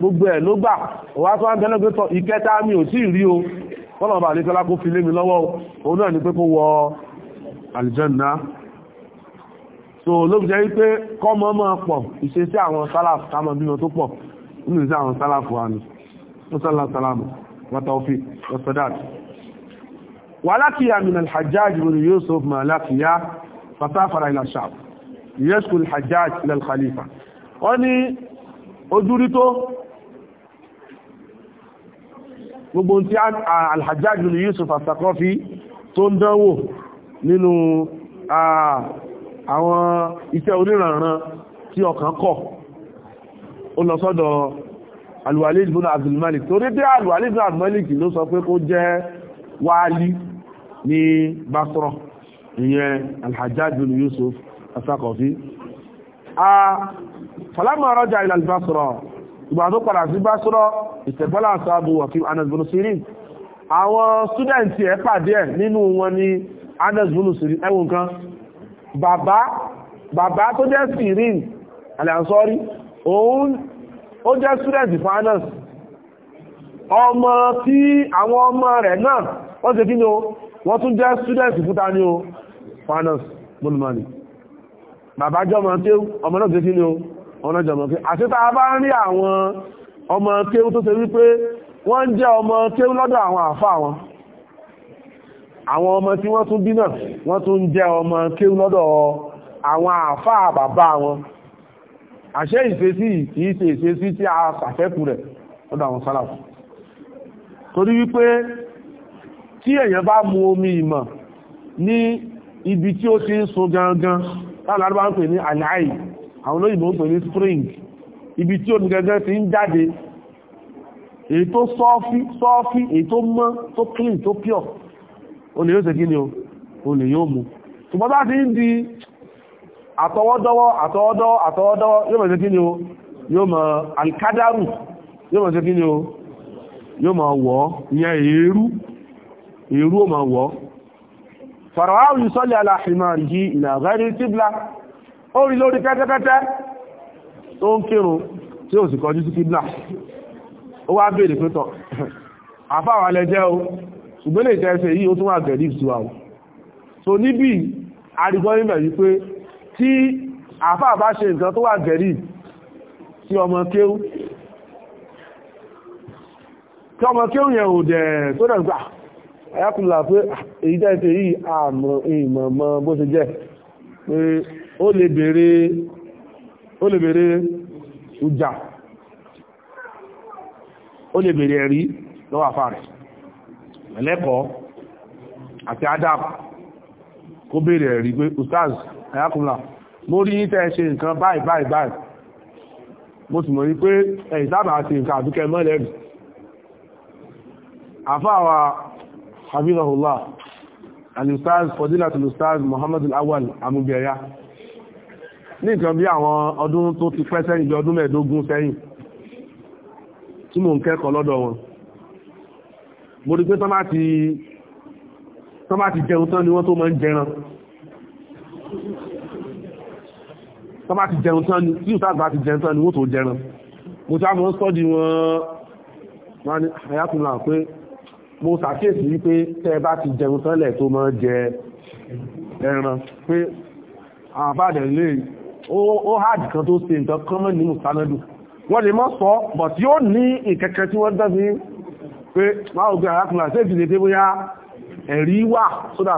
gbogbo ẹ̀ ló gbà wà tó wá ń bẹ́lẹ́gbẹ́tọ̀ ìkẹta mi ò tí rí o kọ́lọ̀bà àríkọ́lá kó fi lé mi lọ́wọ́ òun náà ni pé kó wọ aljanna so ló jẹ́ wípé kọ́mọ mọ́ pọ̀ ìṣesí àwọn sálàf kámọ bímọ tó pọ̀ nínú ìṣẹ́ àwọn sálàf wa ni ó sálà sálàmù wata ofi wasadat wà lákìyà min alhajjaj bin yusuf ma lákìyà fasafara ila sham gbogbo tí alhajjaj bin yusuf asakọ́fí tó ń dánwò nínú àwọn iṣẹ́ oníranran tí ọkàn kọ̀ ó lọ sọ́dọ̀ alwalid bin abdulmalik torí dé alwalid bin ló sọ pé kó jẹ́ wáálí ní basra ìyẹn alhajjaj bin yusuf asakọ́fí ìgbà tó padà sí Basra ìtẹ̀gbọ́lá àṣàbù ọ̀kí Anas bin Sirin àwọn súdẹ̀ntì ẹ̀ pàdé ẹ̀ nínú wọn ni Anas bin Sirin ẹwùn kan bàbá bàbá tó jẹ́ Sirin alẹ́sọ́rí òun ó jẹ́ súdẹ̀ntì fún Anas ọmọ tí àwọn ọmọ rẹ̀ náà wọ́n ti kí ni o wọ́n tún jẹ́ súdẹ̀ntì fún ta ni o fún Anas bin Malik bàbá jọ ọmọ tí ọmọ náà ti kí o ọ̀nà jọmọ̀ pé àṣítà bá ń rí àwọn ọmọ kéwú tó ṣe wípé wọ́n ń jẹ́ ọmọ kéwú lọ́dọ̀ àwọn àfá wọn àwọn ọmọ tí wọ́n tún bí náà wọ́n tún jẹ́ ọmọ kéwú lọ́dọ̀ àwọn àfá bàbá wọn àṣẹ ìṣesí kìí ṣe ìṣesí tí a ṣàfẹ́kù rẹ̀ lọ́dọ̀ àwọn sálàfù torí wípé tí èèyàn bá mu omi ìmọ̀ ní ibi tí ó ti ń sun gangan láàrín bá ń pè ní àlàáyìí àwọn olóyìnbó ń pè ní spring ibi tí omi gẹ́gẹ́ ti ń jáde èyí tó sọ́ọ́fí sọ́ọ́fí èyí tó mọ́ tó clean tó pure o lè yóò ṣe kí ni o o lè yóò mú ṣùgbọ́n bá ti ń di àtọwọ́dọ́wọ́ àtọwọ́dọ́wọ́ yóò mọ̀ ṣe kí ni o yóò mọ̀ alkadaru yóò mọ̀ ni o yóò mọ̀ wọ́ ìyẹn ó rí lórí kẹ́tẹ́kẹ́tẹ́ tó ń kírun tí ó sì kọjú sí kíblà ó wá bèèrè pẹ́tọ̀ àfáwà lẹ jẹ́ o ṣùgbọ́n lè jẹ́ ẹsẹ̀ yìí ó tún wà gẹ̀rí ìtura o so níbi àrígbọ́n níbẹ̀ yìí pé tí àfáà bá ṣe nǹkan tó wà gẹ̀rí tí ọmọ kéwú tí ọmọ kéwú yẹn ò dẹ̀ tó dẹ̀ gbà ayákùnlá pé èyí jẹ́ ẹsẹ̀ yìí àmọ́ ìmọ̀ mọ́ bó ṣe jẹ́ pé o le bere ụja o lebere bere eri lọwa fari meleko ati adab ko bere eri pe ustaz ayakunla mori ri yin tẹ nkan bai bai bai mo mori mo ri pe ẹ isaba ati nkan aduke mọlẹbi afawa habibahullah and ustaz fọdila to ustaz muhammadu awal amubiya ní nǹkan bí àwọn ọdún tó ti pẹ́ sẹ́yìn bí ọdún mẹ́ẹ̀ẹ́dógún sẹ́yìn tí mò ń kẹ́kọ̀ọ́ lọ́dọ̀ wọn mo rí pé tán bá ti tán bá ti jẹun tán ni wọ́n tó máa ń jẹran tán bá ti jẹun tán ni tí ìsáàgbà ti jẹun tán ni wọ́n tó jẹran mo sá mọ́ sọ́dí wọn wọ́n ni àyàkùnlá pé mo sàkíyèsí wípé tẹ́ bá ti jẹun tán lẹ̀ tó máa jẹ ẹran pé àbádẹ̀ lè ó hajj kan tó ṣe nǹkan kọ́mọ̀ ní musanadu wọ́n lè mọ́ sọ but yóò ní ìkẹ́kẹ́ tí wọ́n dán sí pé máa ògbé arákùnrin àti èdè pé bóyá ẹ̀rí wà sódà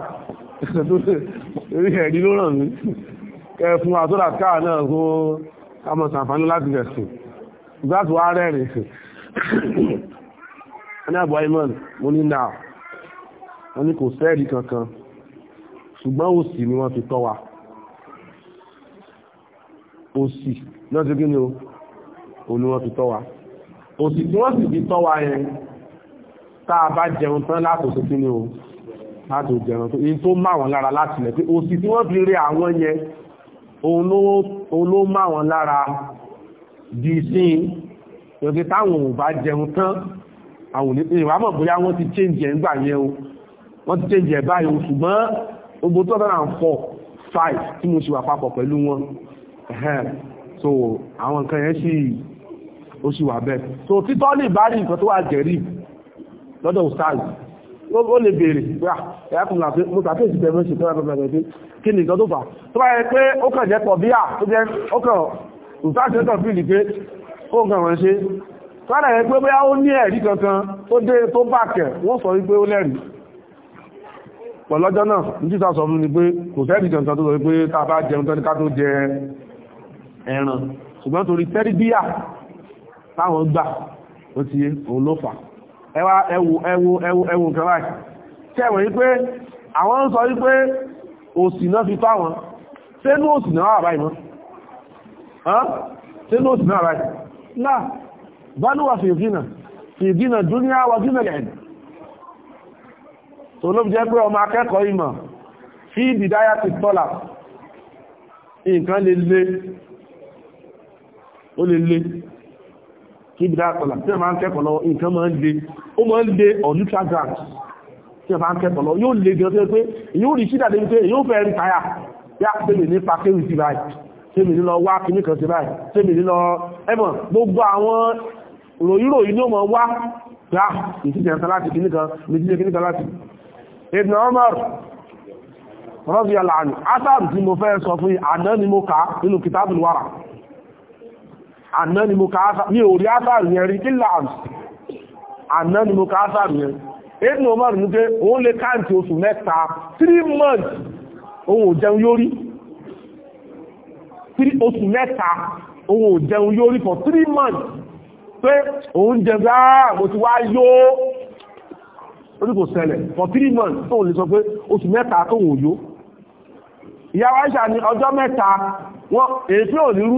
ẹ̀rí ló ràn mí fún wa sódà káà náà kó kámọ̀ sàǹfààní láti rẹ̀sìn ìgbàtí wá rẹ̀rìn sí ẹni àbọ̀ imọ̀n mo ní náà wọ́n ní kò sẹ́ẹ̀rí kankan ṣùgbọ́n òsì ni wọ́n fi tọ́ wa òsì náà ti gíní o òní wọ́n ti tọ́ wa òsì tí wọ́n sì ti tọ́ wa yẹn táa bá jẹun tán látòsí gíní o láti jẹun tó in tó máa wọn lára láti lẹ̀ pé òsì tí wọ́n fi rí àwọn yẹn òun ló máa wọn lára di sí ìrọ̀kẹ́ táwọn ò bá jẹun tán àwọn ìwàmọ̀ bóyá wọ́n ti change ẹ̀ ńgbà yẹn o wọ́n ti change ẹ̀ báyìí o ṣùgbọ́n gbogbo tó 5 tí mo ṣe wà papọ̀ pẹ̀lú wọn so àwọn nǹkan yẹn sì ó sì wà bẹ́ẹ̀ so títọ́ lè bá rí nǹkan tó wà jẹ̀rí lọ́dọ̀ ustaz ó lè béèrè ah, gbà ẹ̀yàkùn láti mo tàbí èsì tẹ̀mọ́ sí tọ́lá tọ́lá tẹ́tẹ́ kí ni nǹkan tó fà tó bá yẹ pé ó kàn jẹ́ pọ̀ bí à tó jẹ́ ó kàn ustaz tẹ́tọ̀ fi lè pé ó kàn wọ́n ṣe tó bá yẹ pé bóyá ó ní ẹ̀rí kankan tó dé tó bà kẹ̀ wọ́n sọ wípé ó lẹ́rìí pọ̀lọ́jọ́ náà ní títà tá a bá jẹun tán ní ẹran ṣùgbọ́n torí tẹ́rìbíyà táwọn gbà ó ti òun ló fà ẹwà ẹwù ẹwù ẹwù ẹwù nǹkan báyìí tẹ́wọ̀n wípé àwọn ń sọ wípé òsì náà fi fáwọn sínú òsì náà wà báyìí mọ́ sínú òsì náà báyìí náà bánúwà fìgínà fìgínà dúníà wà gínàlẹ̀ ẹ̀dì tó ló jẹ́ pé ọmọ akẹ́kọ̀ọ́ ìmọ̀ fi ìdìdáyà ti tọ́lá nǹkan lè lè ó lè lé kí ibi dákọ̀lá tí wọ́n máa ń kẹ́kọ̀ọ́ lọ nǹkan máa ń lé ó máa ń lé on neutral ground tí wọ́n máa ń kẹ́kọ̀ọ́ lọ yóò lé gan tó pé yóò rí sídà débi pé yóò fẹ́ rí táyà yá tèmi ní pàkéwì sí báyìí tèmi ní lọ wá kíní kan sí báyìí tèmi ní lọ ẹ̀mọ̀ gbogbo àwọn ròyìnròyìn ní ó mọ̀ wá gbá ìtìjẹ̀ kan láti kíní kan méjìlẹ̀ kíní kan láti Ibn Umar radiyallahu anhu asáàrù tí mo fẹ́ sọ fún àná ni mo kà àná ni mo káásà ní orí ásàrì yẹn rí kí láàmù àná ni mo káásàrì yẹn èdè ọmọ rẹ̀ wípé òun lè káàntì oṣù mẹ́ta 3 months òun ò jẹun yóò rí oṣù mẹ́ta òun ò jẹun yóò rí for 3 months pé òun jẹun rárá ah, mo ti wá yóò orí kò for 3 months tóun lè sọ pé oṣù mẹ́ta tóun ò yó ìyá wa ṣà ní ọjọ́ mẹ́ta wọ́n èyí tí ò ní rú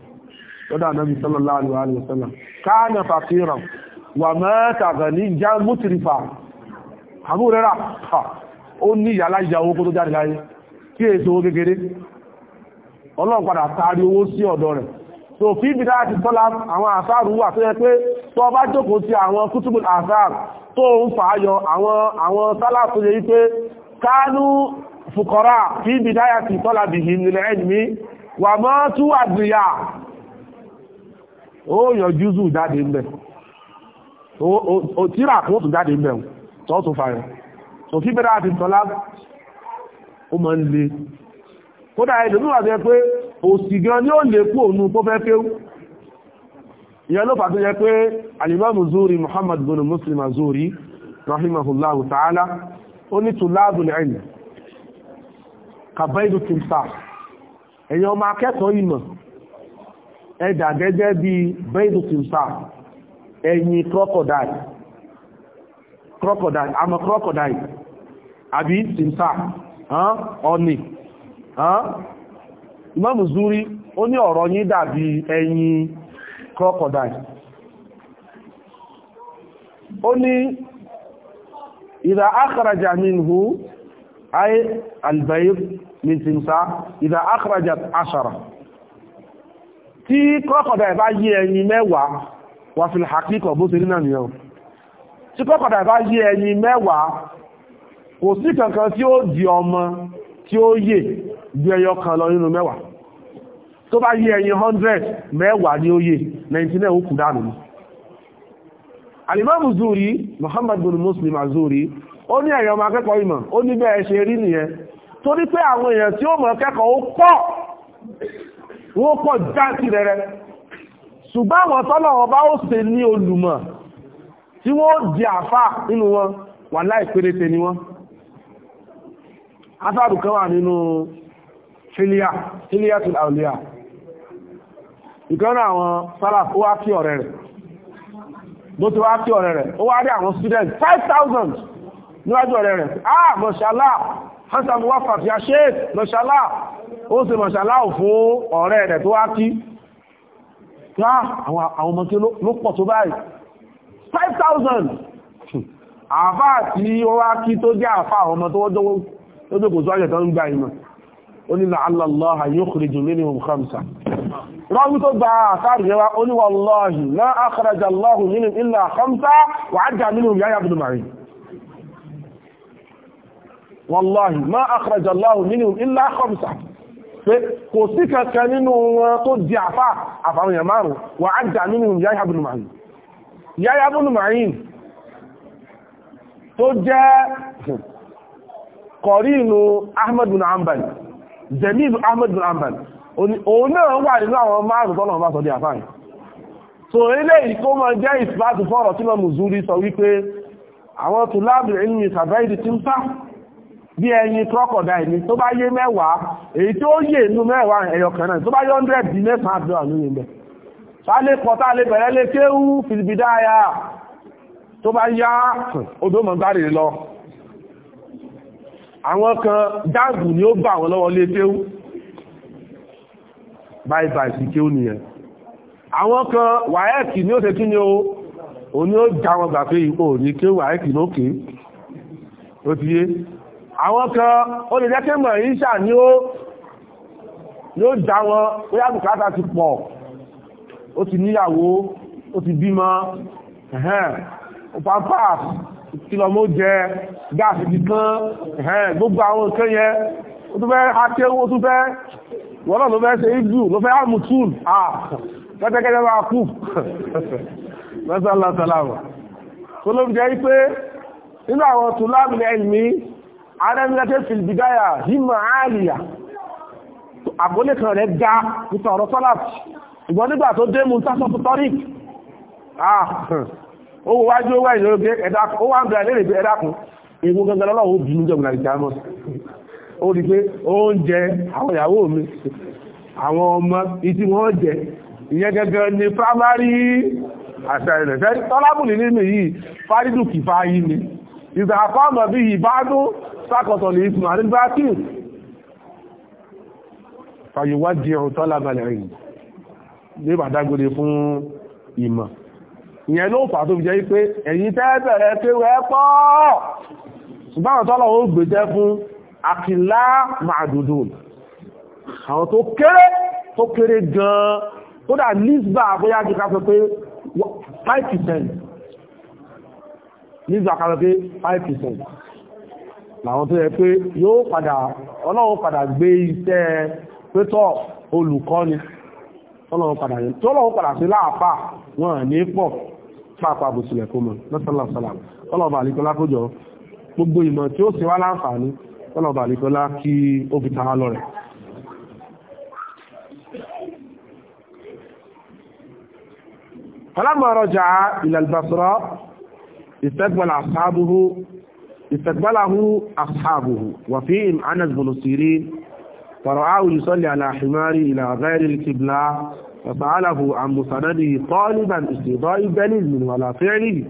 lọ́dọ̀ ànábì sallallahu alaihi wa sallam káàna fàfihàn wà mẹ́ta gani já mútìrìfà àbú rẹ́rà ó ní ìyàlá ìyàwó kó tó jáde láyé kí èso gẹ́gẹ́rẹ́ ọlọ́run padà taari owó sí ọ̀dọ̀ rẹ̀ so fi bìdá àti tọ́lá àwọn àsáàrù wà tó yẹ pé tó bá jókòó sí àwọn kútùbù àsáàrù tó ń fàáyọ àwọn àwọn tó yẹ wípé kánú fukọ̀rá fi bìdá tọ́lá bìhì nílẹ̀ ẹ̀dùnmí wà mọ́ tú àgbìyà ó yàn júzù jáde ń bẹ̀ ó tíra kó tún jáde ń bẹ̀ tó tún fa yẹn so kí bẹ́rẹ̀ àti tọ́lá ó le kódà ẹlòmíràn àti ẹ pé òsì gan ni ó lè kú òun tó fẹ́ ìyẹn ló fàtí yẹ pé alìmọ́mù zúrí muhammad muslim zúrí rahimahullahu ta'ala ó ní tùláàbùn ẹ̀yìn kàbẹ́ìdù tìmsà ẹ̀yàn ọmọ akẹ́kọ̀ọ́ ìmọ̀ ẹ̀dà gẹ́gẹ́ bí bẹ́ẹ̀dù tìmsà ẹ̀yìn crocodile crocodile àmọ́ crocodile àbí tìmsà ọ̀nì Imamu Zuri ó ní ọ̀rọ̀ yín dàbí ẹ̀yìn crocodile ó ní ìdá ákàràjà minhu ayé albayir min tìmsà ìdá ákàràjà ashara tí kọ́kọ̀dà ìbá yí ẹyin mẹ́wàá wà fi àkíkọ̀ bó ṣe rí náà nìyàn tí kọ́kọ̀dà ìbá yí ẹyin mẹ́wàá kò sí kankan tí ó di ọmọ tí ó yè ju ẹyọ kan lọ nínú mẹ́wàá tó bá yí 100 mẹ́wàá ni ó yè 99 kù zuri muhammad bin muslim azuri ó ní ẹ̀yọ́ ọmọ akẹ́kọ̀ọ́ ìmọ̀ wọ́n pọ̀ jáǹtì rẹ̀rẹ̀ ṣùgbọ́n àwọn tọ́lọ̀ ọba ó ṣe ní olùmọ̀ tí wọ́n di àfà nínú wọn wà láì péréte ni wọ́n afáàrù kan wà nínú fílíà fílíà tó àwòlíà ìkọ́nà àwọn sálà ó wá kí ọ̀rẹ́ rẹ̀ bó ti wá kí ọ̀rẹ́ rẹ̀ ó wá rí àwọn student 5000 níwájú ah mọ̀ṣálà hansan wá fàfíà sheik mọ̀ṣálà ó ṣe mọ̀ṣàláwò fún ọ̀rẹ́ rẹ̀ tó wá kí àwọn ọmọ kí ló pọ̀ tó báyìí 5,000 àfá àti ó wá kí tó jẹ́ àfá ọmọ tó wọ́jọ́ kò sọ́jẹ̀ tó ń gba ìmọ̀ ó ní la'alla Allaha yukhriju minhum khamsa rọ́wí tó gba àtàrí rẹwa ó ní wallahi la akhraja Allahu minhum illa khamsa wa 'adda minhum Yahya ibn Ma'in wallahi ma akhraja Allahu minhum illa khamsa pé kò sí kankan nínú wọn tó di àfà àfàwọn èèyàn márùn wà á dà nínú Yahya ibn Ma'in Yahya ibn Ma'in tó jẹ́ kọ̀rí inú Ahmad bin Hanbal Jamil Ahmad bin Hanbal òun náà wà nínú àwọn márùn tọ́lọ̀ bá sọ di àfà so ilé ìkó mọ jẹ́ ìsìláàtù fọ́rọ̀ tí mọ̀ mùzúrí sọ wípé àwọn tùlábì ilmi sàbẹ́ ìdí tí ń sáà bí ẹyin crocodile ni tó bá yé mẹ́wàá èyí tí ó yè inú mẹ́wàá ẹ̀yọ̀kan náà tó bá yé hundred di mẹ́sàn-án àbúrò àánú yìí bẹ̀. sálé kọta lè bẹ̀rẹ̀ lé kéwú fìlìbìdáyà tó bá yá odò mọ̀gbárì lọ àwọn kan dáàbù ni ó gbà wọn lọ́wọ́ lé kéwú bye bye sí kéwú nìyẹn àwọn kan wáyẹ̀kì ni ó ṣe ni o òní ó já wọn gbà pé ipò òní kéwú wáyẹ̀kì lókè ó ti yé àwọn kan ó lè jẹ́kẹ́ mọ̀ ìṣà ó yóò wọn ó yá bùkátà ti pọ̀ ó ti níyàwó ó ti bímọ ẹ̀hẹ́n pàápàá kìlọ̀mọ́ jẹ gáàsì ti ẹ̀hẹ́n gbogbo àwọn nǹkan yẹn ó tún fẹ́ akéwó ó tún fẹ́ wọ́nà ló ṣe ìlú ló fẹ́ àmùtún àà pẹ́tẹ́kẹ́jẹ́ máa kú mẹ́sàn adámiláṣẹ́ fìlìbìdáyà hímọ̀ àríyà àgbólé kan rẹ̀ ga nípa ọ̀rọ̀ sọ́láàtì ìgbọ́n nígbà tó dé mú sásọ́tù tọ́rík ah, ó wájú wá ìlọ́gbé ẹ̀dákun ó wá ń bẹ̀rẹ̀ lérè pé ẹ̀dákun egun gangan lọ́wọ́ bí ní jọ̀gbọ̀n àríkàmọ́ ó rí pé oúnjẹ àwọn ìyàwó mi àwọn ọmọ ìtí wọ́n jẹ ni primary assignment tọ́lábùnì nínú ni ìgbà àpá ọmọ sákọ̀tọ̀ lè ìsìn àrígbákìl fàyíwájì ọ̀rọ̀ tọ́lábalẹ̀ rìn ní bàdágbére fún ìmọ̀ ìyẹn ló fà tó fi jẹ́ wípé ẹ̀yin tẹ́ẹ̀bẹ̀rẹ̀ kéwẹ́ pọ̀ ṣùgbọ́n tọ́lọ̀ ó gbèjẹ́ fún àkìlá màdùdù àwọn tó kéré tó kéré gan tó dà nígbà bóyá jù ká sọ pé 5% nígbà ká sọ 5% làwọn tó yẹ pé yóò padà ọlọ́run padà gbé iṣẹ́ pétọ́ olùkọ́ni ọlọ́run padà yẹn tó ọlọ́run padà sí láàpá wọn ní pọ̀ pàápàá bó tilẹ̀ kó mọ̀ lọ́sọ̀lọ́sọ̀lá ọlọ́run àlìkọlá kójọ gbogbo ìmọ̀ tí ó sì wá فلما رجع إلى البصرة استقبل أصحابه استقبله أصحابه وفيهم أنس بن سيرين فرآه يصلي على حمار إلى غير القبلة فسأله عن مسنده طالبا استيضاء دليل من ولا فعله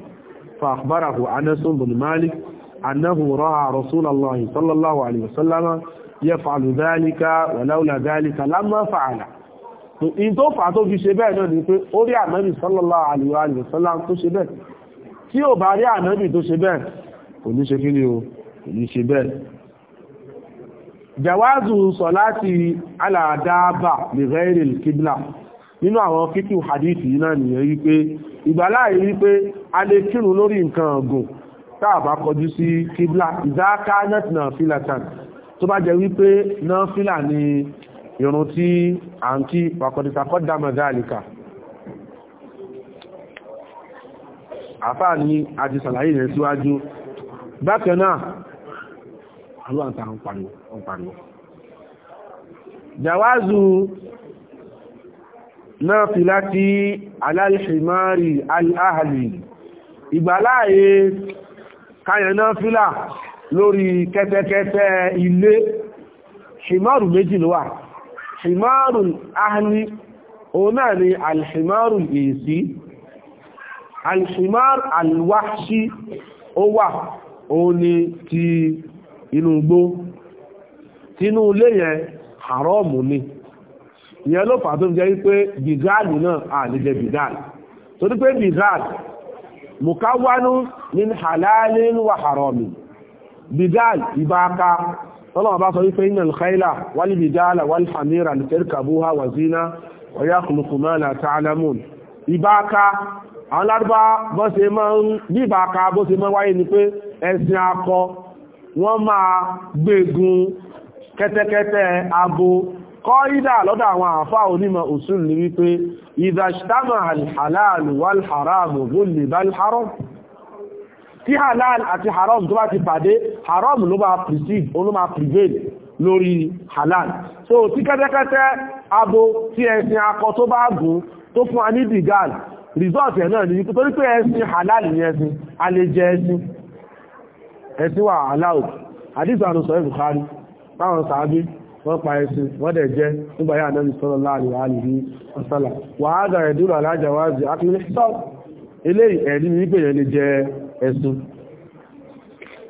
فأخبره أنس بن مالك أنه رأى رسول الله صلى الله عليه وسلم يفعل ذلك ولولا ذلك لما فعله in tó fà tó fi ṣe bẹ́ẹ̀ náà ni pé ó rí ànábì sallallahu alaihi wa sallam tó kò ní ṣe kí o kò ṣe bẹ́ẹ̀ jawazu sọ̀láti aláàdáàbà lè rẹ́rẹ̀ kíblà nínú àwọn fíkí hadith yìí náà nìyẹn wípé ìgbàláyé wípé a lè kírun lórí nǹkan ọ̀gùn tààbà kọjú sí kíblà ìzáká nẹ́tìnà fílàtàn tó bá jẹ wípé náà fílà ni irun tí a ń kí pàkọ̀dìsàkọ́ dámọ̀dá àlìkà àfáà ni àti sàlàyé rẹ̀ síwájú bákan náà aláǹta ń pariwo ń pariwo jàwázù náà fi láti aláìṣìmárì aláhàlì ìgbàláàyè káyẹ̀ná fílà lórí kẹ́tẹ́kẹ́tẹ́ ilé ṣìmárù méjì ló wà ṣìmárù ahli òun náà ni alṣìmárù èsì alṣìmárù alwáṣí ó wà òun ni ti inú igbó tinú ilé yẹn haramu ni ìyẹn ló fà tó fi jẹ́ wípé bizaali náà à lè jẹ bizaali torí pé bizaali mukawanu min halalin wa harami bizaali ìbáka tọ́lọ́wọ́ bá sọ wípé iná alkhaila wal bidala wal hamira litarkabuha wa wa yakhluqu ma la ta'lamun àwọn lárúbá bọ́ ṣe mọ́ ń bíbà ka bó ṣe mọ́ wáyé ni pé ẹ̀sìn akọ wọ́n máa gbégun kẹ́tẹ́kẹ́tẹ́ abo kọ́ ìdá lọ́dọ̀ àwọn àfá onímọ̀ òsùn ní wípé ìdàṣítàmà àláàlù wal haramu gúnlẹ̀ bal haram halal so tí kẹ́tẹ́kẹ́tẹ́ abo tí ẹ̀sìn akọ tó bá gùn result ẹ̀ náà nìyí torí pé ẹ̀sìn halal ní ẹ̀sìn a lè jẹ ẹ̀sìn ẹ̀sìn wà aláwò àdìsọ àrùsọ ẹ̀ Bukhari táwọn sàábí wọ́n pa ẹ̀sìn wọ́n dẹ̀ jẹ́ nígbà yà náà sọ́rọ̀ láàrin àlìrí ọ̀sálà wà á gà ẹ̀dúrà alájàwáàzì akílẹ̀ sọ́ ilé ẹ̀rí ní pé yẹn lè jẹ ẹ̀sìn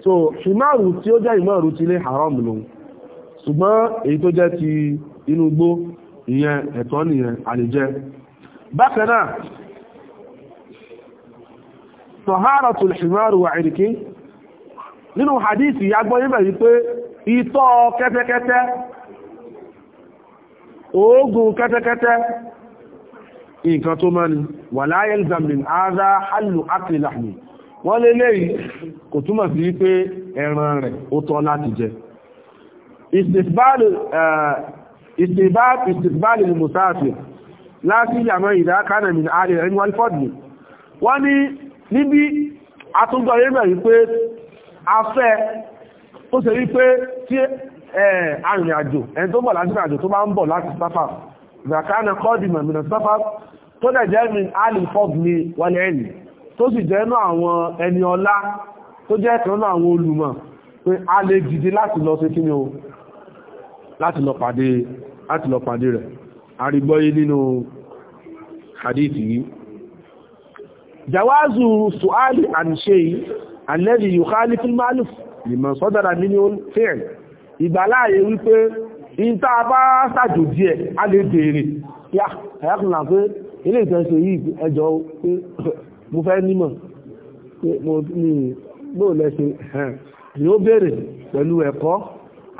so ìmáàrù tí ó jẹ́ ìmáàrù ti ilé haram lòun ṣùgbọ́n èyí tó jẹ́ ti inú igbó ìyẹn ẹ̀tọ́ nìyẹn àlejẹ́ bákan náà tọ̀hárọ̀tù ìmáàrù wà ìrìkí nínú hadithi ya gbọ́ níbẹ̀ wípé ìtọ́ kẹ́tẹ́kẹ́tẹ́ oògùn kẹ́tẹ́kẹ́tẹ́ nǹkan tó mọ́ ni wà láyé zamin ara hallu akìlàmì wọ́n lé lẹ́yìn kò túmọ̀ sí wípé ẹran rẹ̀ ó tọ́ láti jẹ ìsìnbáàlì ni musáàfì láti yàmọ́ ìdákanà min ààrẹ ẹni wọ́n ní níbi àtúgbọ̀ yẹ́mẹ̀ wípé afẹ́ tó ṣe wípé tí arìnrìn àjò ẹni tó bọ̀ láti àjò tó bá ń bọ̀ láti sáfà zakana kọ́dìmọ̀ mìíràn sáfà tó dẹ̀ jẹ́ mi alifọ́b ni wọlé ẹ̀lì tó sì jẹ́ inú àwọn ẹni ọlá tó jẹ́ ìtànú àwọn olùmọ̀ pé a lè dìde láti lọ sí kí ni o láti lọ pàdé rẹ̀ arígbọ́yé nínú hadithi yìí jawazu su'ali an shay alladhi yukhalifu al-ma'luf liman sadara minhu al-fi'l ìgbàláyé wípé ìta bá sàjò díẹ̀ a lè bèèrè yá ẹ̀yàkùnlá pé ilé ìtẹ́ṣe yìí ẹjọ́ pé mo fẹ́ nímọ̀ pé mo ní bóò lẹ́ṣe ni ó bèèrè pẹ̀lú ẹ̀kọ́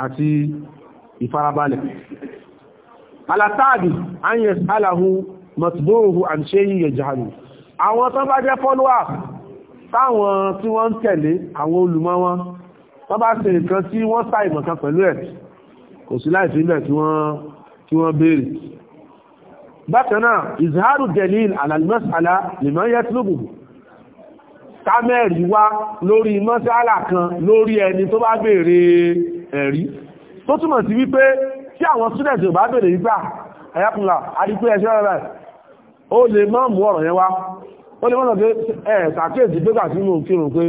àti ìfarabalẹ̀ alátàdì anyes alahu matbuhu an sheyi yajahalu àwọn tán bá jẹ́ followers táwọn tí wọ́n ń tẹ̀lé àwọn olùmọ̀ wọn wọ́n bá ṣe nǹkan tí wọ́n sá ìmọ̀ kan pẹ̀lú ẹ̀ kò sí láì sílẹ̀ tí wọ́n tí wọ́n béèrè bákan náà ìzháàrù delil alàlùmọ́sàlá lèmọ́ yẹ́ tí lóbùbù kámẹ́rì wá lórí mọ́sálà kan lórí ẹni tó bá béèrè ẹ̀rí tó túmọ̀ sí wípé tí àwọn students ò bá béèrè wípà ah, ẹ̀yàkùnlà àdípẹ́ ẹ̀ṣẹ́ rẹ̀ ó lè máa mú ọ̀rọ̀ yẹn wá ó lè mọ́sọ̀ pé ẹ̀ sàkéèsì pépà tí mo kírun pé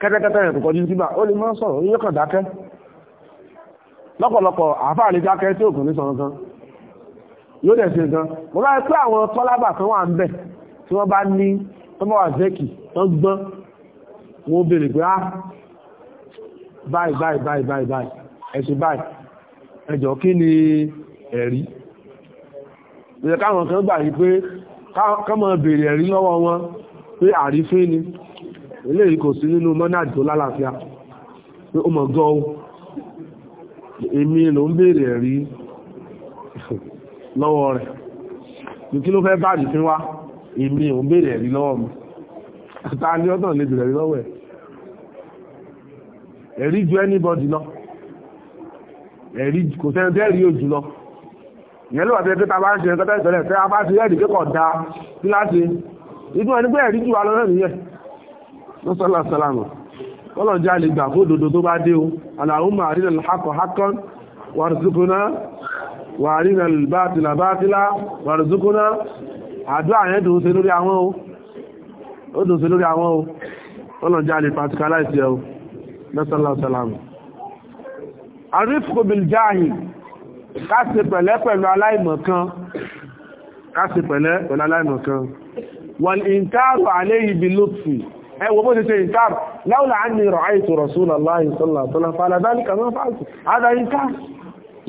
kẹ́tẹ́kẹ́tẹ́ yẹn kò kọjú síbà ó lè máa sọ̀rọ̀ yóò kàn dákẹ́ lọ́pọ̀lọpọ̀ àáfàá lè dákẹ́ tí òkùn ní sọ̀rọ̀ gan yóò dẹ̀ ṣe gan mo bá pé àwọn tọ́lábà kan wà ń bẹ̀ tí wọ́n bá ní tọ́mọ́ wà zẹ́kì tó gbọ́n wọ́n béèrè pé ah báyìí báyìí báyìí báyìí báyìí ẹ̀ṣẹ̀ báyìí ẹjọ́ kí ni ẹ̀rí ìrẹ̀káwọn kan gbà yí pé kọ́mọ̀ bèèrè ẹ̀rí lọ́wọ́ wọn pé àrífín ni eléyìí kò sí nínú mọ́nàdì tó lálàáfíà pé ó mọ̀ gọ́ èmi ló ń bèèrè ẹ̀rí lọ́wọ́ rẹ̀ ní kí ló fẹ́ bá àrífín wá èmi ò ń bèèrè ẹ̀rí lọ́wọ́ mi ta ni ọ̀tàn lè bèèrè ẹ̀rí lọ́wọ́ ẹ̀ ẹ̀rí ju anybody lọ ẹ̀rí kò sẹ́ni tẹ́ẹ̀rí ò jùlọ ìyẹn ló wà sí ẹgbẹ́ ta bá ń ṣe nǹkan tẹ́lẹ̀ tẹ́lẹ̀ tẹ́lẹ̀ bá ti rẹ́ẹ̀dì kíkọ̀ da sí láti inú ẹni pé ẹ̀rí jù wá lọ́rẹ́ nìyẹn ló sọ́lá sọ́lámù kọ́lọ̀ já lè gbà fún òdodo tó bá dé o aláhùnmá àrínà ká ṣe pẹ̀lẹ́ pẹ̀lú aláìmọ̀kan ká ṣe pẹ̀lẹ́ pẹ̀lú aláìmọ̀kan wal inkaru alayhi bil lutfi ẹwọ bó ṣe ṣe inkaru laula anni sallallahu alaihi wasallam fa'ala dhalika ma fa'altu hada inkaru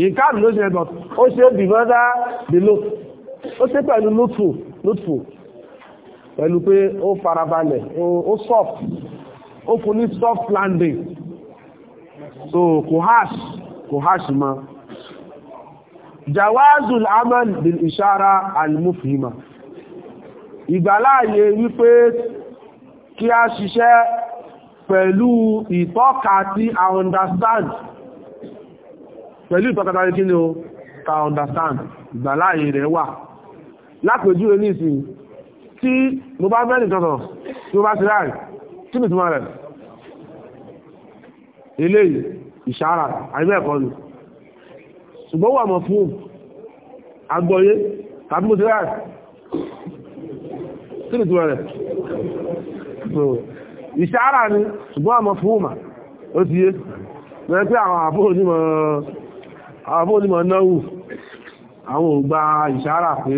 inkaru ló ṣe ẹ̀bọ̀ ó ṣe bí mọ́dá bí lutfi ó soft ó ní soft landing so kò hash kò jawazul amal bil ishara al-mufhima ìgbàláyé wípé kí a ṣiṣẹ́ pẹ̀lú ìtọ́ka tí a understand pẹ̀lú ìtọ́ka tí kí ni o ta understand ìgbàláyé rẹ̀ wà lápẹjú oníṣì tí mo bá bẹ́ẹ̀ nìkankan tí mo bá ti ráì kí nìtúmọ̀ rẹ̀ eléyìí ìṣàrà àìbẹ́ẹ̀kọ́ ni ṣùgbọ́n wà mọ̀ fún agbọ́yé tàbí mo ti rà kí ni túnmọ̀ rẹ̀ ìṣára ni ṣùgbọ́n àmọ́ fún ọmọ ó ti yé rẹ̀ pé àwọn àbó onímọ̀ náwù àwọn ògbà ìṣára pé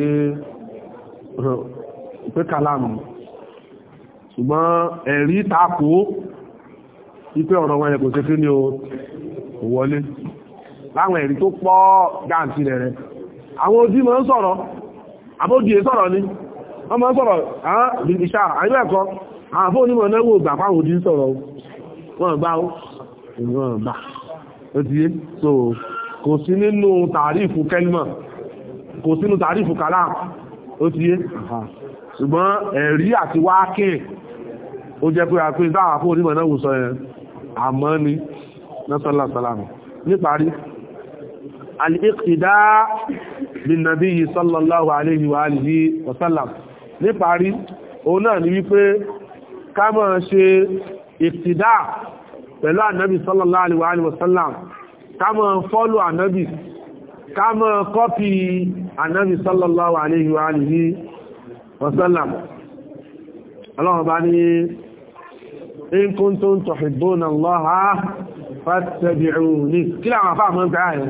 pé kàlámù ṣùgbọ́n ẹ̀rí takò wípé ọ̀rọ̀ wọn ẹ̀kò ṣe kí ni ó wọlé láwọn ẹ̀rí tó pọ̀ gáàntì rẹ̀ rẹ̀ àwọn ojú mọ́ ń sọ̀rọ̀ abójìye sọ̀rọ̀ ni wọ́n mọ́ ń sọ̀rọ̀ ìṣà àyíwẹ̀kọ́ àfó onímọ̀ náwó ògbà ojú sọ̀rọ̀ àmọ́ ni nọ́sọ́lá sálámù níparí alìkìdá bìnàbí yìí sallallahu alayhi wa alihi wa sallam níparí òun náà ni wípé ká má ṣe ìkìdá pẹ̀lú ànábì sallallahu alayhi wa alihi wa sallam ká má fọ́lù ànábì ká má kọ́pì ànábì sallallahu alayhi wa alihi wa sallam ọlọ́run bá in kuntum tuhibbuna Allaha fattabi'uni kí láwọn afáàmọ́ gbáyẹ̀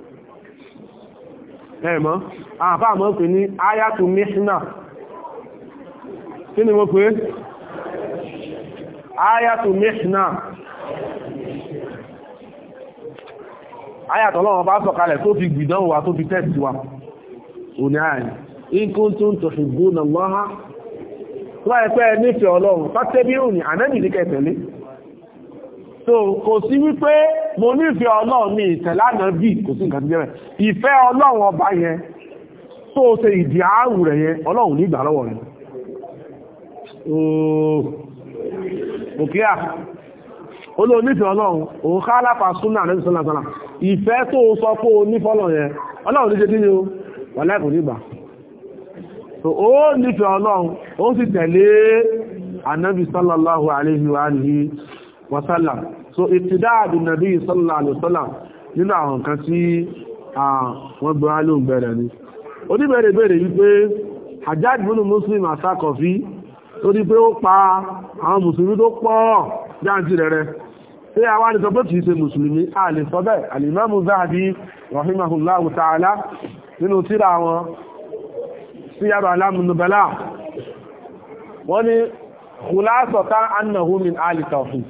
ẹ̀mọ́ àfá àmọ́ pè ní ayatu mihna kí ni mo pè ayatu mihna ayatọ̀ lọ́wọ́ bá sọ̀kalẹ̀ tó fi gbìdánwò wa tó fi tẹ́sì wa òní ààrẹ in kuntum tuhibbuna Allaha tó bá ẹ̀fẹ́ nífẹ̀ẹ́ ọlọ́run tọ́tẹ́bí òní ànẹ́bì ní kẹtẹ̀lé so kò sí wípé mo nífẹ̀ẹ́ ọlọ́run ní ìtẹ̀lánà bí kò sí nǹkan tó jẹ́ ìfẹ́ ọlọ́run ọba yẹn tó ṣe ìdí ààrù rẹ̀ yẹn ọlọ́run ní ìgbà lọ́wọ́ rẹ̀ òkèà olóònífẹ́ ọlọ́run òun ká lápá súnà rẹ̀ sọ́nà ìfẹ́ tó sọ pé o nífọ́lọ̀ yẹn ọlọ́run ní ṣe kí ni o wà láìkò nígbà ó nífẹ́ ọlọ́run ó sì tẹ̀lé ànábì sallallahu alaihi wa alihi wa sallam so ìtìdáàdì nàbí sallallahu alaihi wasallam nínú àwọn nǹkan tí wọ́n gbọ́n ló ń bẹ̀rẹ̀ ni oníbẹ̀rẹ̀ bẹ̀rẹ̀ wípé Hajjaj bin Muslim As-Saqafi tó ní pé ó pa àwọn mùsùlùmí tó pọ̀ jáǹtì rẹ̀ rẹ̀ pé àwọn àdìsọ pé kìí ṣe mùsùlùmí a lè sọ bẹ́ẹ̀ al-Imam Zahabi wọ́n ni khulāsatan annahu min ahli tawhīd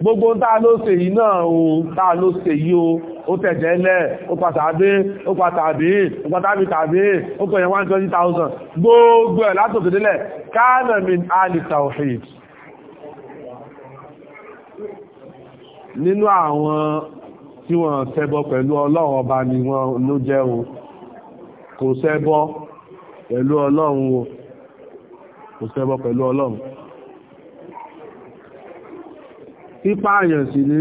gbogbo táà ló ṣe yìí náà ohun táà ló ṣe yìí o ó tẹ̀jẹ̀ lẹ̀ ó pàtàbí ó pàtàbí ó pàtàbí tàbí ó pẹ̀yẹ̀ 120,000 gbogbo ẹ̀ látòkèdélẹ̀ kana min ali tawhid nínú àwọn tí wọ́n ṣẹbọ pẹ̀lú ọlọ́run ọba ni wọ́n ló jẹ́ o kò ṣẹbọ pẹ̀lú ọlọ́run o kò ṣẹbọ pẹ̀lú ọlọ́run pípa àyàn sí ní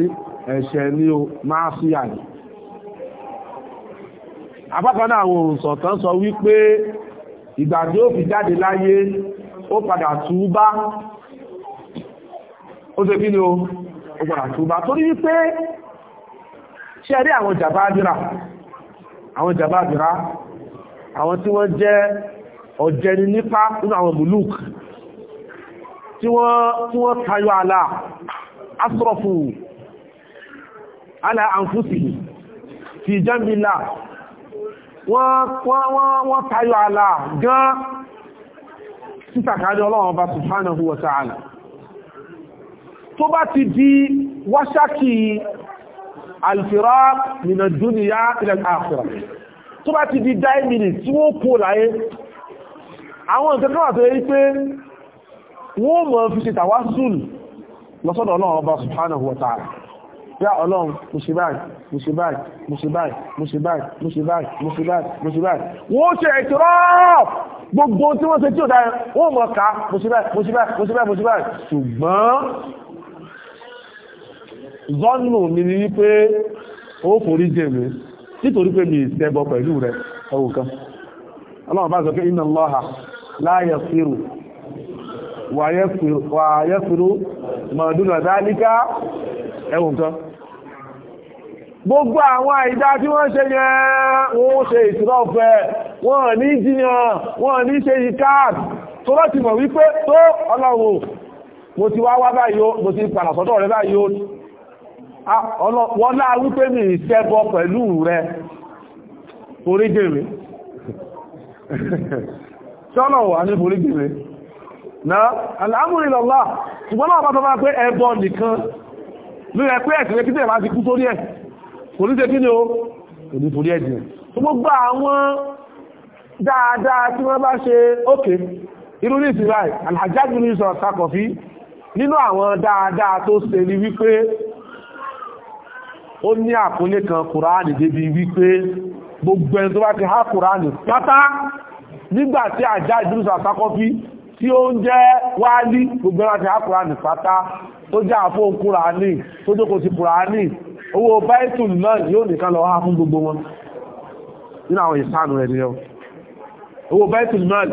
ẹ̀ṣẹ̀ ní o máa sí àyàn apákaná àwọn òǹsọ̀tán sọ wípé ìgbà tí ó fi jáde láyé ó padà túbá ó ṣe kí ni o ó padà túbá torí wípé ṣe rí àwọn jàbádìrà àwọn jàbádìrà àwọn tí wọ́n jẹ́ ọ̀jẹni nípa nínú àwọn mùlúk tí wọ́n tayọ àlà asrafu ala anfusihim fi jambila wọ́n tayọ àlà gan títàkàrí ọlọ́run ọba subhanahu wa ta'ala tó bá ti di wáṣákì alfirar min ad-dunya ila al-akhirah tó bá ti di dáìmìnì tí wọ́n kó láyé àwọn ìtẹ́kọ́wà tó yẹ pé wọ́n mọ̀ fi ṣe tàwásùlù lọ́sọ́dọ̀ ọlọ́run ọba subhanahu wa ta'ala yá ọlọ́run mùsùlùmáì mùsùlùmáì mùsùlùmáì mùsùlùmáì mùsùlùmáì mùsùlùmáì mùsùlùmáì wọ́n ṣe ìtìrọ́ gbogbo tí wọ́n ṣe tí ò dáa wọ́n mọ̀ ká mùsùlùmáì mùsùlùmáì mùsùlùmáì mùsùlùmáì ṣùgbọ́n zọ́nù mi ni wípé ó forí jẹ mi nítorí pé mi ìṣẹ́bọ pẹ̀lú rẹ̀ ẹwù kan ọlọ́run wàyẹ́fìrú mọ̀dúnà dáníká ẹwùn kan gbogbo àwọn àìdá tí wọ́n ṣe yẹn wọ́n ṣe ìtìrọ̀fẹ́ wọ́n ní jiyàn wọ́n ní ṣe ìkáàd tó láti mọ̀ wípé tó ọlọ́wọ̀ mo ti wá wá báyìí mo ti padà sọ́dọ̀ rẹ báyìí wọ́n láà wípé mi ìṣẹ́bọ pẹ̀lú rẹ orígèrè tọ́lọ̀ wà náà aláàmúrìlọ́lá ṣùgbọ́n náà bá tọ́bá pé ẹbọ nìkan ló yẹ pé ẹ̀sìn lẹ́kítẹ̀ bá ti kú sórí ẹ̀ kò ní ṣe kí ni ó kò ní torí ẹ̀jẹ̀ tó gbogbo àwọn dáadáa tí wọ́n bá ṣe ókè irú ní ìsìn láì alhajjájú ní sọ sakọ̀fí nínú àwọn dáadáa tó ṣe ni wípé ó ní àkúnlé kan kùránì débi wípé gbogbo ẹni tó bá ti há kùránì pátá nígbà tí àjá ìdúrúsọ sakọ̀fí tí ó ń jẹ́ wálí gbogbo ẹ̀rọ àti àkùránì pátá tó jẹ́ àfó kùránì tó jókò sí kùránì owó báìtùn náà yóò nìkan lọ wá fún gbogbo wọn nínú àwọn ìsànù rẹ̀ nìyẹn owó báìtùn náà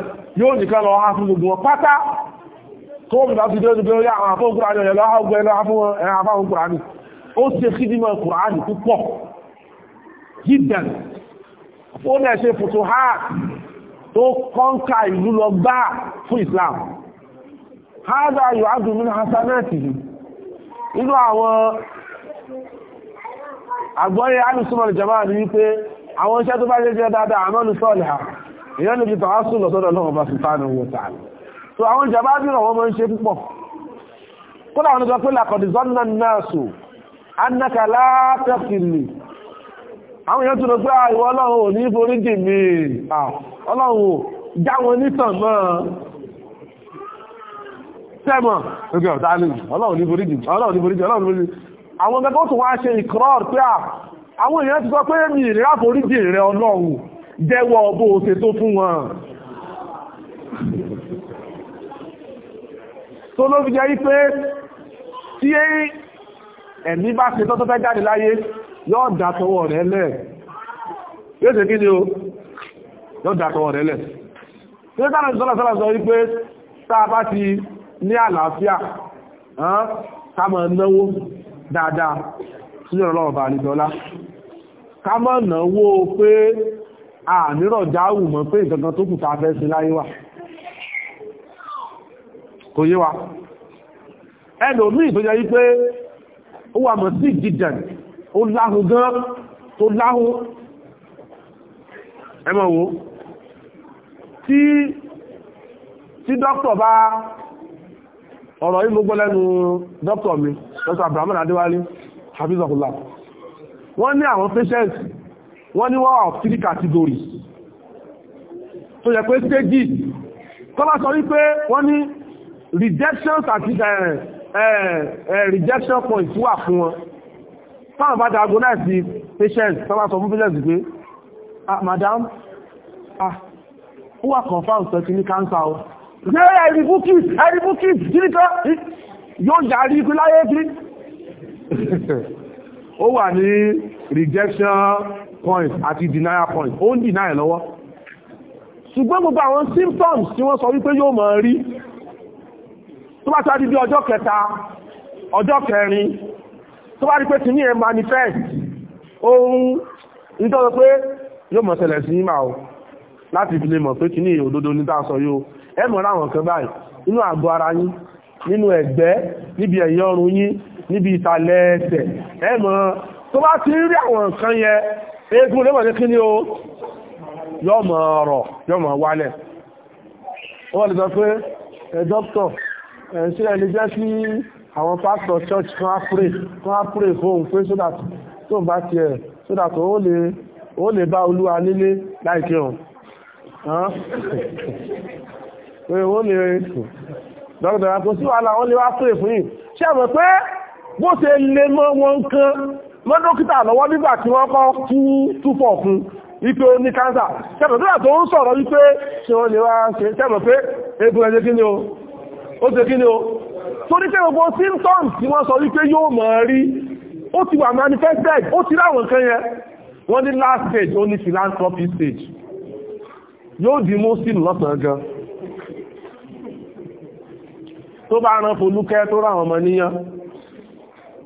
yóò nìkan lọ wá fún gbogbo wọn pátá tó ń bá fi dé ojúgbé orí àwọn àfó kùránì ọ̀yẹ̀ lọ́wọ́ gbé lọ́wọ́ fún ẹran àfáwọn kùránì ó ṣe kídìmọ̀ kùránì púpọ̀ jíjẹ̀ ó náà tó kọ́ńkà ìlú lọ gbá fún Islam hádà yóò ádùnmínú hasanati inú àwọn àgbọ́yẹ alùsùmọ̀lù jama ní wípé àwọn iṣẹ́ tó bá jẹ́ jẹ́ dáadáa àmọ́lù sọ́ọ̀lẹ̀ ha èyàn níbi tàwà sùn lọ sọ́dọ̀ lọ́wọ́ bá sì fánà owó tààlù so àwọn jama bí rọ̀ wọ́n mọ́ ń ṣe púpọ̀ kódà wọn ni sọ pé làkọ̀dì zọ́nà náà sù annaka látẹ́fìlì àwọn èèyàn tún lọ pé àìwọ ah, ah, ọlọ́run ò ní foríjì mi ọlọ́run já wọn nítàn náà tẹ́mọ̀ ẹgbẹ́ ọ̀tá ọlọ́run ní foríjì ọlọ́run ní foríjì ọlọ́run ní foríjì àwọn ah, àwọn èèyàn ti tí ẹ̀mí bá ṣe tọ́tọ́fẹ́ jáde láyé yóò dátọwọ́ rẹ̀ lẹ̀ yóò ṣe kí ni o yóò dátọwọ́ rẹ̀ lẹ̀ tí ó sára ìsọ́lá sọ́lá sọ wípé tá a bá ti ní àlàáfíà ká má náwó dáadáa sí ọ̀rọ̀ ọba àlìdọ́lá ká má náwó pé àmírọ̀ jáwù mọ̀ pé ìgangan tó kù ta fẹ́ sí láyé ó wà mọ̀ sí ìdíjẹ̀ ó láhùn gan tó láhùn ẹmọ̀ wo tí tí dọ́kítọ̀ bá ọ̀rọ̀ yìí gbogbo lẹ́nu dọ́kítọ̀ mi dọ́kítọ̀ Abraham Adéwálé Habibullah wọ́n ní àwọn patient wọ́n ní wọ́n of three categories tó yẹ pé stage kọ́lá sọ wípé wọ́n ní rejections àti eh, eh, eh, rejection points wà fún wọn táwọn bá dáago náà sí patient tó bá sọ fún patient pé ah madam ah ó wà confam sọ kí ní cancer o ṣe ẹ̀rí bukis ẹ̀rí bukis kiri tó yóò yàrí ikú láyé kiri ó wà ní rejection point àti denial point ó ń deny lọ́wọ́ ṣùgbọ́n gbogbo àwọn symptoms tí wọ́n sọ wípé yóò mọ̀ rí tó bá sáré bí ọjọ́ kẹta ọjọ́ kẹrin tó bá rí pé ti ní ẹ manifest ohun nítorí pé yóò mọ̀ ṣẹlẹ̀ sí mà ó láti fi lè mọ̀ pé kí ní òdodo ní tàà sọ yóò ẹ mọ̀ láwọn kan báyìí nínú àgọ́ ara yín nínú ẹ̀gbẹ́ níbi ẹ̀yìn ọrùn yín níbi ìsàlẹ̀ ẹsẹ̀ ẹ mọ̀ tó bá ti rí àwọn nǹkan jẹ́ sí àwọn pastor church kan á pray kan á pray fóun pé so that tó bá tiẹ̀ so that ó lè ó lè bá olúwa nílé láìpẹ́ ọ̀ pé ó lè dọ́gbẹ̀rẹ̀ kò sí wàhálà wọ́n lè wá pray fún yìí ṣé àmọ̀ pé bó ṣe lè mọ́ wọn kan mọ́ dókítà lọ́wọ́ nígbà tí wọ́n kọ́ túfọ̀ fún wípé ó ní kánsà ṣẹ́bẹ̀ tó tó ń sọ̀rọ̀ wípé ṣe wọ́n lè wá ṣe ṣẹ́bẹ̀ pé egbò ẹ̀ṣẹ́ kí ni o ó ṣe kí ni o torí pé gbogbo symptoms tí wọ́n sọ wípé yóò mọ̀ rí ó ti wà manifested ó ti ráwọn nǹkan yẹn wọ́n ní last stage ó ní philanthropy stage yóò di muslim lọ́sàn gan tó bá rán folúkẹ́ tó ráwọn ọmọ níyàn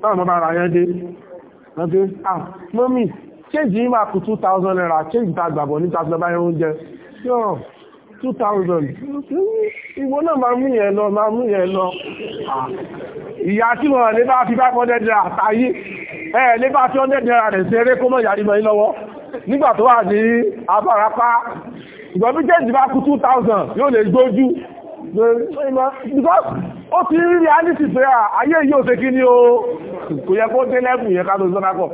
táwọn bá ra yẹn dé ọdún ah mọ́mí change yìí máa kù 2000 naira change ìta àgbàbọ̀ ní 2000 naira oúnjẹ yóò two thousand ìwọ náà máa mú yẹn lọ máa mú yẹn lọ ìyá tí mo rẹ̀ lébà fi five hundred naira àtàyé ẹ̀ lébà fi hundred naira rẹ̀ sí eré kó mọ̀ ìyá ìmọ̀ yín lọ́wọ́ nígbà tó wà ní abárapá ìgbọ̀n bí jẹ́jì bá kú two thousand yóò lè gbójú because ó ti rí reality pé ayé yìí ò ṣe kí ni o kò yẹ kó dé lẹ́bùn yẹn ká ló sọ́nà pọ̀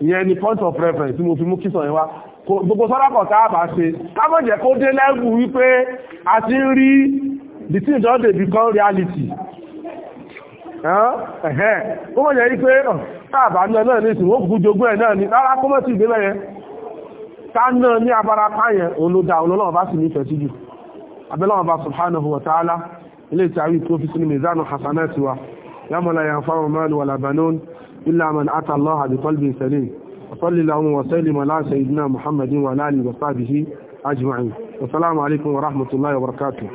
ìyẹn ni point of reference tí mo fi mú kí sọ̀rọ̀ wá gbogbo sọ́dọ̀kọ̀ táàbà ṣe kámọ̀jẹ̀ kó dé lẹ́gbù wípé a ti ń rí the thing don dey become reality ẹ̀hẹ́n ó mọ̀ jẹ́ wípé táàbà náà náà ní ìsìn ó kú jogún ẹ̀ náà ní rárá kó mọ̀ sí ìgbélẹ̀ yẹn ká náà ní abara káyẹn olóda olólọ́wọ́ bá sì nífẹ̀ẹ́ sí jù abẹ́lọ́wọ́ bá subhanahu wa ta'ala ilé ìtàwí tó fi sínú mizanu hasanati wa yamala yanfa'u malu wala banun illa man ata Allah bi qalbin salim وصلي اللهم وسلم على سيدنا محمد وعلى اله وصحبه اجمعين والسلام عليكم ورحمه الله وبركاته